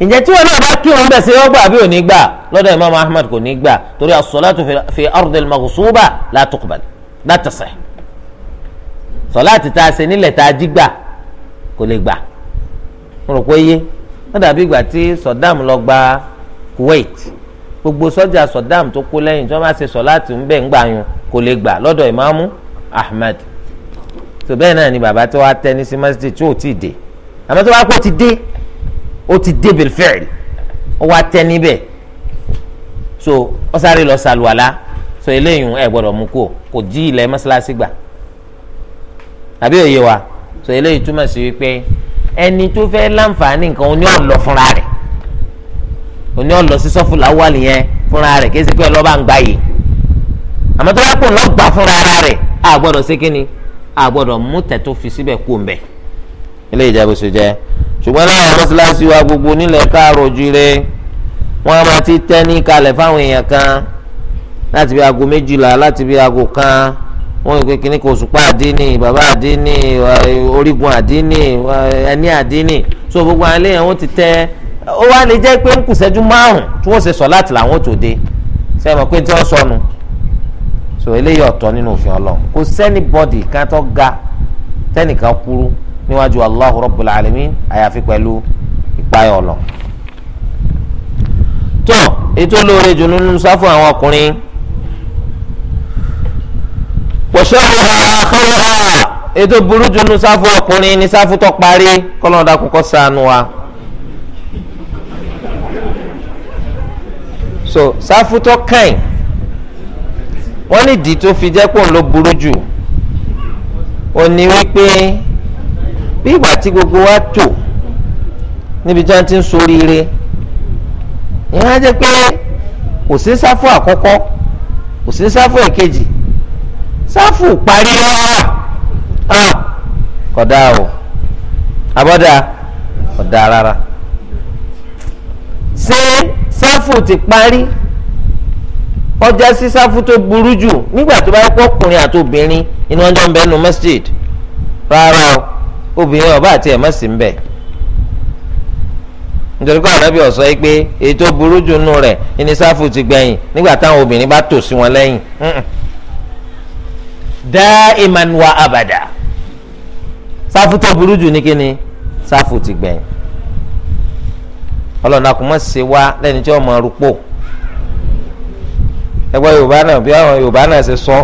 ǹjẹ́ tí wọn náà bá kí wọn bẹ̀ sí ọgbà àbí òní gbà lọ́dọ̀ Imam Ahmad kò ní gbà torí as-salatu fi ardil maghsuba la tuqbal sọlá ti ta ṣe nílẹ̀ tá a jí gbà kò lè gbà mo rò pé yé wọ́n dàbí ìgbà tí Saddam lọ gba Kuwait gbogbo sọ́jà Saddam tó kó lẹ́yìn tí wọ́n bá ṣe sọ láti ń bẹ̀ ń gbà yun kò lè gbà lọ́dọ̀ ìmáàmù Ahmed tó bẹ́ẹ̀ náà ni bàbá tó wá tẹ́ ní sí masjid tí ò tí ì dé àmọ́ tó bá kó ti dé ó ti dé bilfẹ́ẹ̀lì ó wá tẹ́ níbẹ̀ so ó sáré lọ sàlùwàlá so eléyìí ẹ gbọ́dọ̀ mú kó kò jí ilẹ̀ mọ́sálásí gbà àbí òye wa so eléyìí túmọ̀ sí wípé ẹni tó fẹ́ láǹfààní nǹkan oní ọ̀lọ́ fúnra rẹ̀ oní ọ̀lọ́ sísọ́ fúláwọ́lì yẹn fúnra rẹ̀ kí ẹ ṣe pé ọlọ́ba ń gbààyè àmọ́ tó bá pọ̀ lọ́ gbà fúnra ara rẹ̀ a gbọ́dọ̀ ṣe kí ni a gbọ́dọ̀ mú tẹ̀tọ́ fi síbẹ̀ kú mbẹ́ ilé ìjẹ́bù sọ jẹ́ ṣùgbọ́n láwọn mọ́ṣáláṣí wa gbogbo nílẹ̀ káàrọ̀ ojúire wọ́n á máa ti tẹ́ ní kalẹ̀ fáwọn èèyàn kan láti bí aago méjìlá láti bí aago kan wọn ìpè kínní kò sùpá àdínì bàbá àdínì orígun àdínì ẹni àdínì so gbogbo àwọn eléyàn wọn ti tẹ ó wá lè jẹ́ pé ń kù sẹ́jú márùn tí wọ́n ṣe sọ láti làwọn tó dé ṣe mọ̀ pé tí wọ́n sọnù so eléyìí ọ̀tọ̀ nínú òfin ọlọ́run kò sẹ́ni kan tó ga tẹ́nìkan kúrú níwájú Allahu Rabbul Alamin àyàfi pẹ̀lú ìpayọ̀ ọ̀lọ́ tó ètò olóore jù nínú sáfù àwọn ọkùnrin wọ́sọ̀rọ̀ àkọ́lọ́wà ètò burú jù nù sáfù ọkùnrin ní sáfù tó parí kọ́lọ́n dà kókó sànù wa. so sáfù tó kàn wọ́n ní ìdí tó fi jẹ́ pò ń lo burú jù ó ní wípé bí ìgbà tí gbogbo wa tò níbi tí wọ́n ti ń soríire ìyẹn á jẹ́ pé kò sí sáfù àkọ́kọ́ kò sí sáfù ẹ̀kejì sáfù parí rárá à kódà o àbọ̀dà kódà rárá ṣé sáfù ti parí ọjà sí sáfù tó burú jù nígbà tó bá pọ̀ ọkùnrin àti obìnrin inú ọjọ́ ń bẹ nu masjid rárá o obìnrin ọba àti ẹ̀ má sí ń bẹ̀ nítorí pé ànábì ọ̀sọ́ yìí pé èyí tó burú jù nù rẹ̀ ní sáfù ti gbẹ̀yìn nígbà táwọn obìnrin bá tò sí wọn lẹ́yìn dáìman wa abada. sáfù tó burú jù ní kíni sáfù ti gbẹ̀yìn ọlọ́run akùnmọ́ ṣe wá lẹ́ni tí wọ́n mọ arúgbó ẹgbẹ́ yorùbá náà bí àwọn yorùbá náà ṣe sọ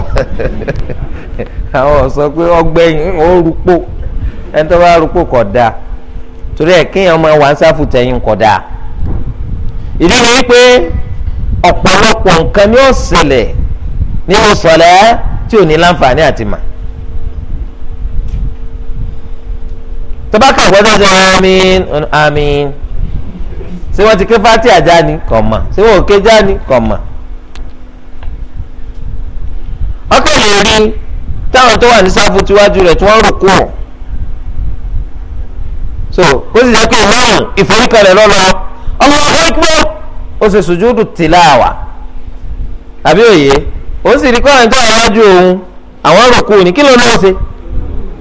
àwọn sọ pé ọgbẹ́yìn ó rúgbó ẹni tó bá rúgbó kọ̀ dáa torí ẹ̀ kéèyàn máa wà ń sáfù tẹ̀yìn kọ̀ dáa ìdí ni wípé ọ̀pọ̀lọpọ̀ nǹkan ni ó ṣẹlẹ̀ nínú sọ̀lẹ́ tí ò ní láǹfààní àti mà. tọ́ba kan gbọ́dọ̀ sọ àmín àmín ṣé wọ́n ti ké fati àjá ni kò mà ṣé wọ́n ò ké já ni kò mà. ọkọ̀ lè rí táwọn tó wà ní sáfù tíwájú rẹ̀ tí wọ́n rò kú ọ̀ so ó sì jẹ́ pé ìmáàmù ìforíkalẹ̀ lọ́lọ́ Allahu Akbar ó sì sùjúdù tìláwà àbí òye òun sì rí kọ́ àwọn tó wà wájú òun àwọn rùkú ni kí ló lọ́ọ́ ṣe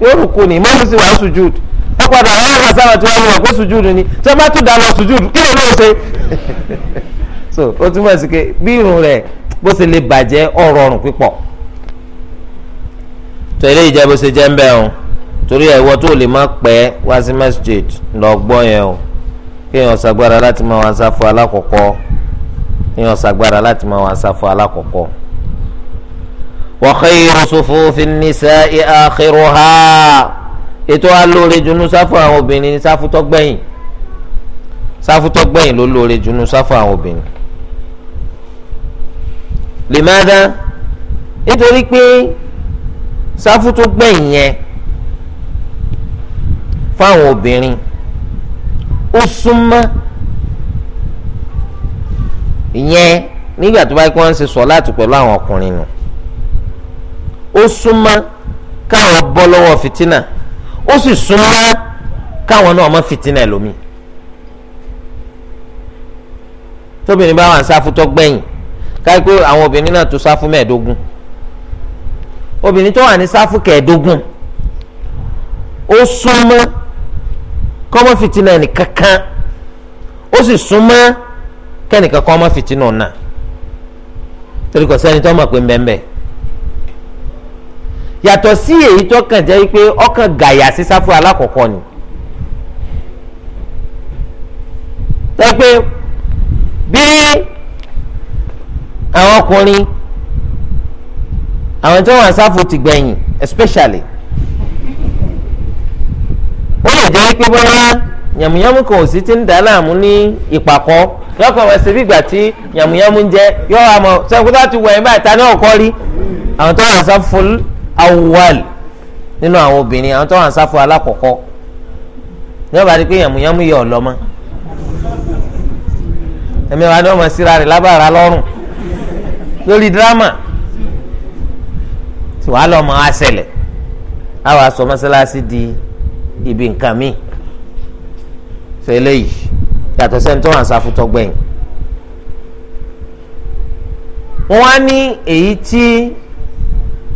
yóò rùkú ni ìmọ̀ọ́mù sì wà ń sùjúd wọ́n padà wọ́n àgbà sábà tí wọ́n lọ kó sùjúd ni tí wọ́n bá tún dáná sùjúd kí ló lọ́ọ́ ṣe. so ó túmọ̀ sí pé bí irun rẹ̀ bó ṣe lè bàjẹ́ ọ̀rọ̀ ọ̀rùn pípọ̀ tó ilé ìjẹ́ bó ṣe jẹ́ ń bẹ̀ o torí ẹ̀wọ́ tó lè má pẹ́ wá sí masjid lọ yẹn o kéèyàn ṣàgbára láti máa wá sáfọ alákọ̀ọ́kọ́ kéèyàn ṣàgbára láti máa wá sáfọ alákọ̀ọ́kọ́ وخير صفوف النساء آخرها ètò alóore junu sáfù àwọn obìnrin ní sáfù tó gbẹ̀yìn sáfù tó gbẹ̀yìn ló lóore junu sáfù àwọn obìnrin. lèmádá nítorí pé sáfù tó gbẹ̀yìn yẹn fáwọn obìnrin ó súnmọ́ ìyẹn nígbà tó bá kí wọ́n ń ṣe sọ láti pẹ̀lú àwọn ọkùnrin nù. ó súnmọ́ káwọn bọ́ lọ́wọ́ fìtínà ó sì súnmọ́ káwọn náà mọ́ fìtínà ẹlòmí tóbìnrin bá wà ń sáfù tó gbẹ̀yìn káyí pé àwọn obìnrin náà tó sáfù mẹ́ẹ̀ẹ́dógún obìnrin tó wà ní sáfù kẹẹ̀ẹ́dógún ó súnmọ́ kọ́mọ́ fìtínà ẹnìkankan ó sì súnmọ́ kẹ́nìkan kọ́mọ́ fìtínà náà torí kò sẹ́ni tó mọ̀ pé ń bẹ́ẹ̀ bẹ́ẹ̀. yàtọ̀ sí èyí tó kàn jẹ́ pé ọkàn gàyà sí sáfù alákọ̀ọ́kọ́ ni tẹ́ pé bí àwọn ọkùnrin àwọn tí wọ́n sáfù ti gbẹ̀yìn especially ó lè jẹ́ pé bọ́lá yàmùyàmù kan ò sí ti ń dà láàmú ní ìpàkọ́ lọ́kàn wọn ṣe bí ìgbà tí yàmùyàmù ń jẹ yọ àmọ́ sẹ́kúndà ti wọ̀ ẹ́ báyìí ta ní ọ̀kọ́ rí àwọn tó wà sáfù fún un awwal nínú àwọn obìnrin àwọn tó wà ń sáfù alákọ̀ọ́kọ́ ní ọba di pé yàmùyàmù yẹ ọ lọ́mọ ẹ̀mí wa ni wọ́n mọ̀ síra rẹ̀ lábàrá lọ́rùn lórí dírámà tí wàá lọ́mọ á ṣẹlẹ̀ á wàá sọ mọ́sálásí di ibi nǹkan míì sọ eléyìí yàtọ̀ sẹ́ni tó wà ń sáfù tọ́gbẹ̀yìn wọ́n á ní èyí tí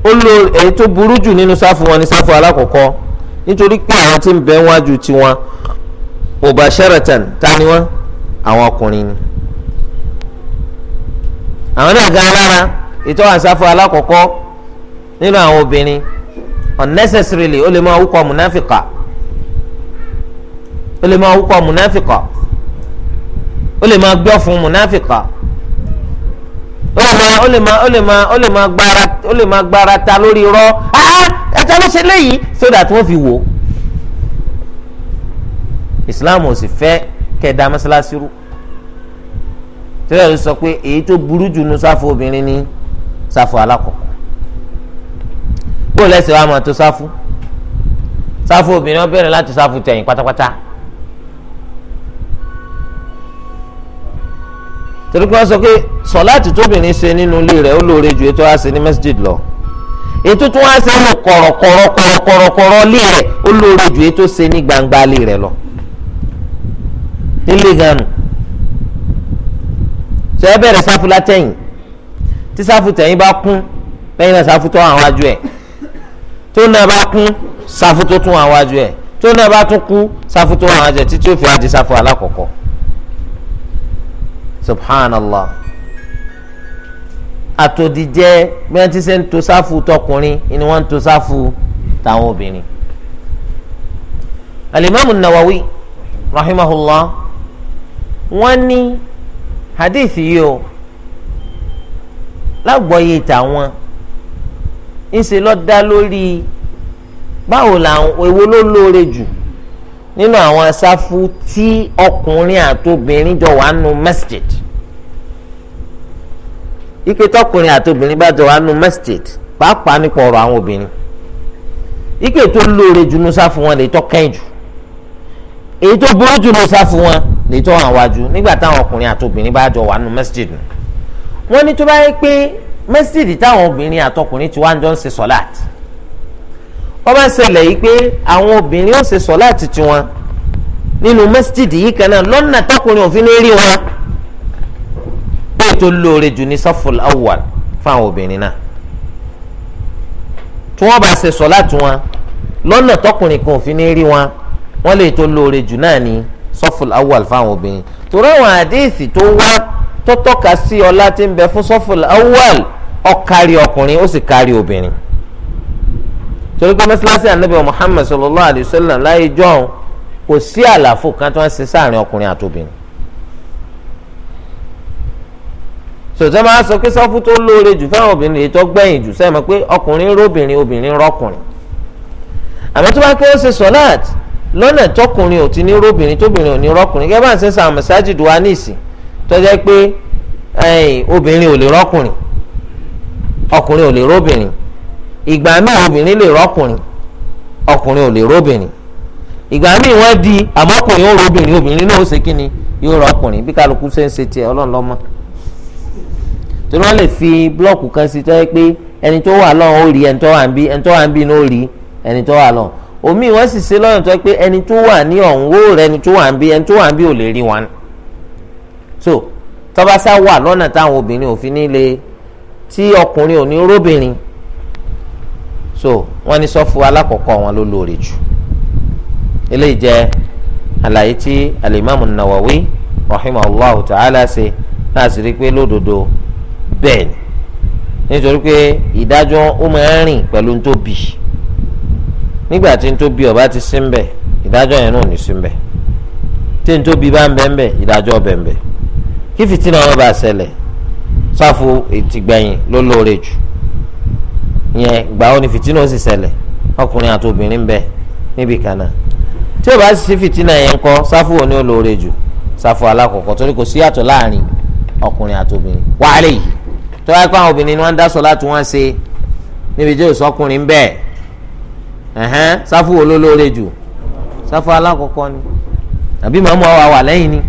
ó lo èyí tó burú jù nínú sáfù wọn ní sáfù alákọ̀ọ́kọ́ nítorí pé àwọn tí ń bẹ wájú tiwọn mubasharatan ta ni wọn àwọn ọkùnrin ni àwọn náà gan alára ìtọ́ àsáfù alákọ̀ọ́kọ́ nínú àwọn obìnrin unnecessarily ó lè máa wúkọ múnáfìkà ó lè máa wúkọ múnáfìkà ó lè máa gbọ́ fún múnáfìkà ó lè máa ó lè máa ó lè máa gbára ó lè máa gbára ta lórí irọ́ ata ah, ah, ló ṣe léyìí sódà tí wọ́n fi wò ó Islam ò sì fẹ́ kẹ̀dá mọ́sálásí rú tẹ́lẹ̀ ló sọ pé èyí tó burú jù nu sáfù obìnrin ní sáfù alákọ̀ọ́kọ́ bó lẹ́sẹ̀ wa máa tó sáfù sáfù obìnrin ó láti sáfù tẹ̀yìn pátápátá. torí pé wọ́n sọ pé sọ̀láàtì tóbìnrin ṣe nínú ilé rẹ̀ ó lóore ju ètò àṣẹ ní masjid lọ ètò tó wá ṣe ní kọ̀rọ̀kọ̀rọ̀ kọ̀rọ̀kọ̀rọ̀ lé rẹ̀ ó lóore ju ètò ṣe ní gbangba lé rẹ̀ lọ nílé ganu ṣe é bẹ̀rẹ̀ sáfù látẹ̀yìn tí sáfù tẹ̀yìn bá kún lẹ́yìn náà sáfù tó àwọn ajú ẹ̀ tó náà bá kún sáfù tó tún àwọn ajú ẹ̀ tó náà bá tún kú sáfù tó àwọn ajú ẹ̀ títí ó fi àdí alákọ̀ọ́kọ́ subhanallah àtòdìjẹ bí wọn ti ṣe ń to sáfù tọkùnrin ni wọn ń to sáfù táwọn obìnrin. alimami nawawi rahimahullah wọn ní hadith yìí o lágbọ́yé tàwọn ńṣe lọ dá lórí báwo làwọn èwo ló lóore jù nínú àwọn sáfù tí ọkùnrin àtobìnrin jọ wà nù masjid ike tọkùnrin àti obìnrin bá jọ wà nù pàápàá nípa ọ̀rọ̀ àwọn obìnrin ike tó lóore jù nusa fún wọn lè tọ́ kẹ́yìn jù èyí tó burú jù nusa fún wọn lè tọ́ hàn wájú nígbà táwọn ọkùnrin àti obìnrin bá jọ wà nù masjid wọ́n ní tó bá yẹ pé masjid táwọn obìnrin àtọkùnrin ti wá ń jọ ń ṣe sọ́láàt wọ́n bá ṣẹlẹ̀ yìí pé àwọn obìnrin ó ṣe sọ́láàt tiwọn nínú masjid yìí kan náà lọ́nà tọkùnrin òfin ní rí wọn tó lóore jù ní saful awwal fáwọn obìnrin náà tí wọ́n bá ṣe sọ̀láàtì wọn lọ́nà tọkùnrin kan òfin ní rí wọn wọ́n lè tó lóore jù náà ní saful awwal fáwọn obìnrin torí àwọn àdéhìsì tó wá tó tọ́ka sí ọlá tí ń bẹ fún saful awwal ó kárí ọkùnrin ó sì kárí obìnrin torí pé mọ́sálásí ànábì Muhammad sallallahu alayhi wa sallam láyé jọ́hún kò sí àlàfo kan tó ń ṣe sáàrin ọkùnrin àtobìnrin sọ̀tẹ́ máa sọ pé sọ́fù tó lóore jù fáwọn obìnrin èyí tó gbẹ̀yìn jù sẹ́yìn mọ̀ pé ọkùnrin róbìnrin obìnrin rọ́kùnrin àmọ́ tó bá kí wọ́n ṣe sọ́láàt lọ́nà tọkùnrin ò ti ní róbìnrin tóbìnrin ò ní rọ́kùnrin gẹ́gẹ́ bá ń ṣe sàn mẹ́sáàjì dùn wá níìsín tó jẹ́ pé obìnrin ò lè rọ́kùnrin ọkùnrin ò lè róbìnrin ìgbà míì obìnrin lè rọ́kùnrin ọkùnrin ò lè róbìnrin ìgbà míì wọ́n di àmọ́kùnrin ó róbìnrin obìnrin náà ó ṣe kíni yóò rọ́kùnrin bí kálukú ṣe ń ṣe tiẹ̀ ọlọ́run lọ́mọ torí wọ́n lè fi blọ́ọ̀kù kan sí tọ́yẹ pé ẹni tó wà lọ́hùn ó rí ẹni tó wà ń bí ẹni tó wà ń bí ní ó rí ẹni tó wà lọ́hùn omi wọ́n sì ṣe lọ́yìn tọ́yẹ pé ẹni tó wà ní ọ̀hún ó rẹ ẹni tó wà ń bí ẹni tó wà ń bí ò lè rí wọn. so tọ́ba sá wà lọ́nà táwọn obìnrin òfin nílé tí ọkùnrin ò ní róbìnrin so wọ́n ní sọ́fù alákọ̀ọ́kọ́ wọn ló lóore jù eléyìí jẹ́ àlàyé tí alimami Nawawi rahimahullahu ta'ala ṣe láti rí i pé lódodo bẹ́ẹ̀ ni nítorí pé ìdájọ́ ó máa ń rìn pẹ̀lú ń tó bì nígbà tí ń tó bì ọba ti sí ń bẹ̀ ìdájọ́ yẹn náà ò ní sí ń bẹ̀ tí ń tó bì bá ń bẹ̀ ń bẹ̀ ìdájọ́ bẹ̀ ń bẹ̀ kí fìtínà wọn bá ṣẹlẹ̀ sáfù ìtìgbẹ̀yìn ló lóore jù yẹn gbàó ni fìtínà ó sì ṣẹlẹ̀ ọkùnrin àti obìnrin ń bẹ níbi kan náà tí o bá sì fìtínà yẹn ń kọ sáfù òní olóore jù sáfù alákọ̀ọ́kọ́ torí kò sí yàtọ̀ láàrin ọkùnrin àti obìnrin wàhálẹ̀ yìí tó wáyé pé àwọn obìnrin ni wọ́n ń dá sọ láti wọ́n ṣe níbi tí òsọkùnrin bẹ́ẹ̀ ẹ̀hẹ́n sáfù wo ló lóore jù sáfù alákọ̀ọ́kọ́ ni àbí màmú àwa wà lẹ́yìn ni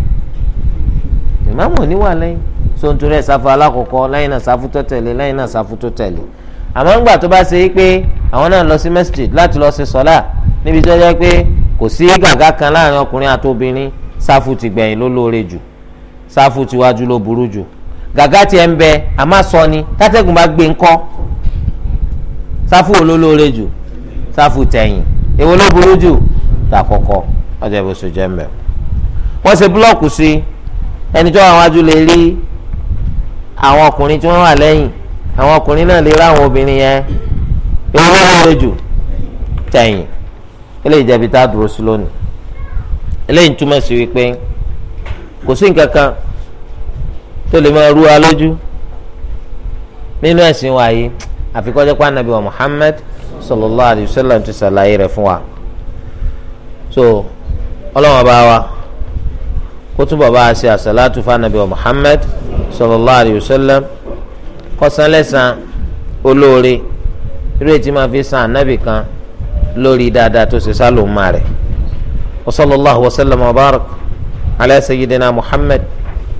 lẹ́yìn so sáfù alákọ̀ọ́kọ́ lẹ́yìn náà sáfù tó tẹ̀lé lẹ́yìn náà àmọ́ ńgbà tó bá é pé àwọn náà lọ sí masjid láti lọ sí sọ́lá níbi pé kò sí gàgá kan láàrin ọkùnrin àti obìnrin sáfù ti gbẹ̀yìn ló gàgá tiẹ̀ ń bẹ àmọ́ sọ ni tátẹ́gùn bá gbé ńkọ́ sáfù olólóore jù sáfù tẹ̀yìn èwo ló burú jù tà kọ́kọ́ ọjọ́ ìbò sojẹ́ ń bẹ. wọ́n ṣe búlọ́ọ̀kù sí ẹni tó àwọn ajú lè rí àwọn ọkùnrin tí wọ́n wà lẹ́yìn àwọn ọkùnrin náà lè rí àwọn obìnrin yẹn èwo ló burú jù tẹ̀yìn eléyìí jẹ́bi tá a dúró sí lónìí eléyìí túmọ̀ sí wípé kò sí nǹkan kan tó lè máa rú wa lójú nínú ẹ̀sìn wa yìí àfikọ́jọ́ pa anabi wa Muhammad sallallahu alayhi wa sallam ti ṣàlàyé rẹ̀ fún wa so ọlọ́wọ́n bá wa kó túbọ̀ bá a ṣe àṣàlátù fún anabi wa Muhammad sallallahu alayhi wa sallam kọsánlẹ́sàn olóore irú ètí máa fi san anabi kan lórí dáadáa tó ṣe sálòmọ́ rẹ̀ wa sallallahu wa sallam wa barak ala sayyidina Muhammad.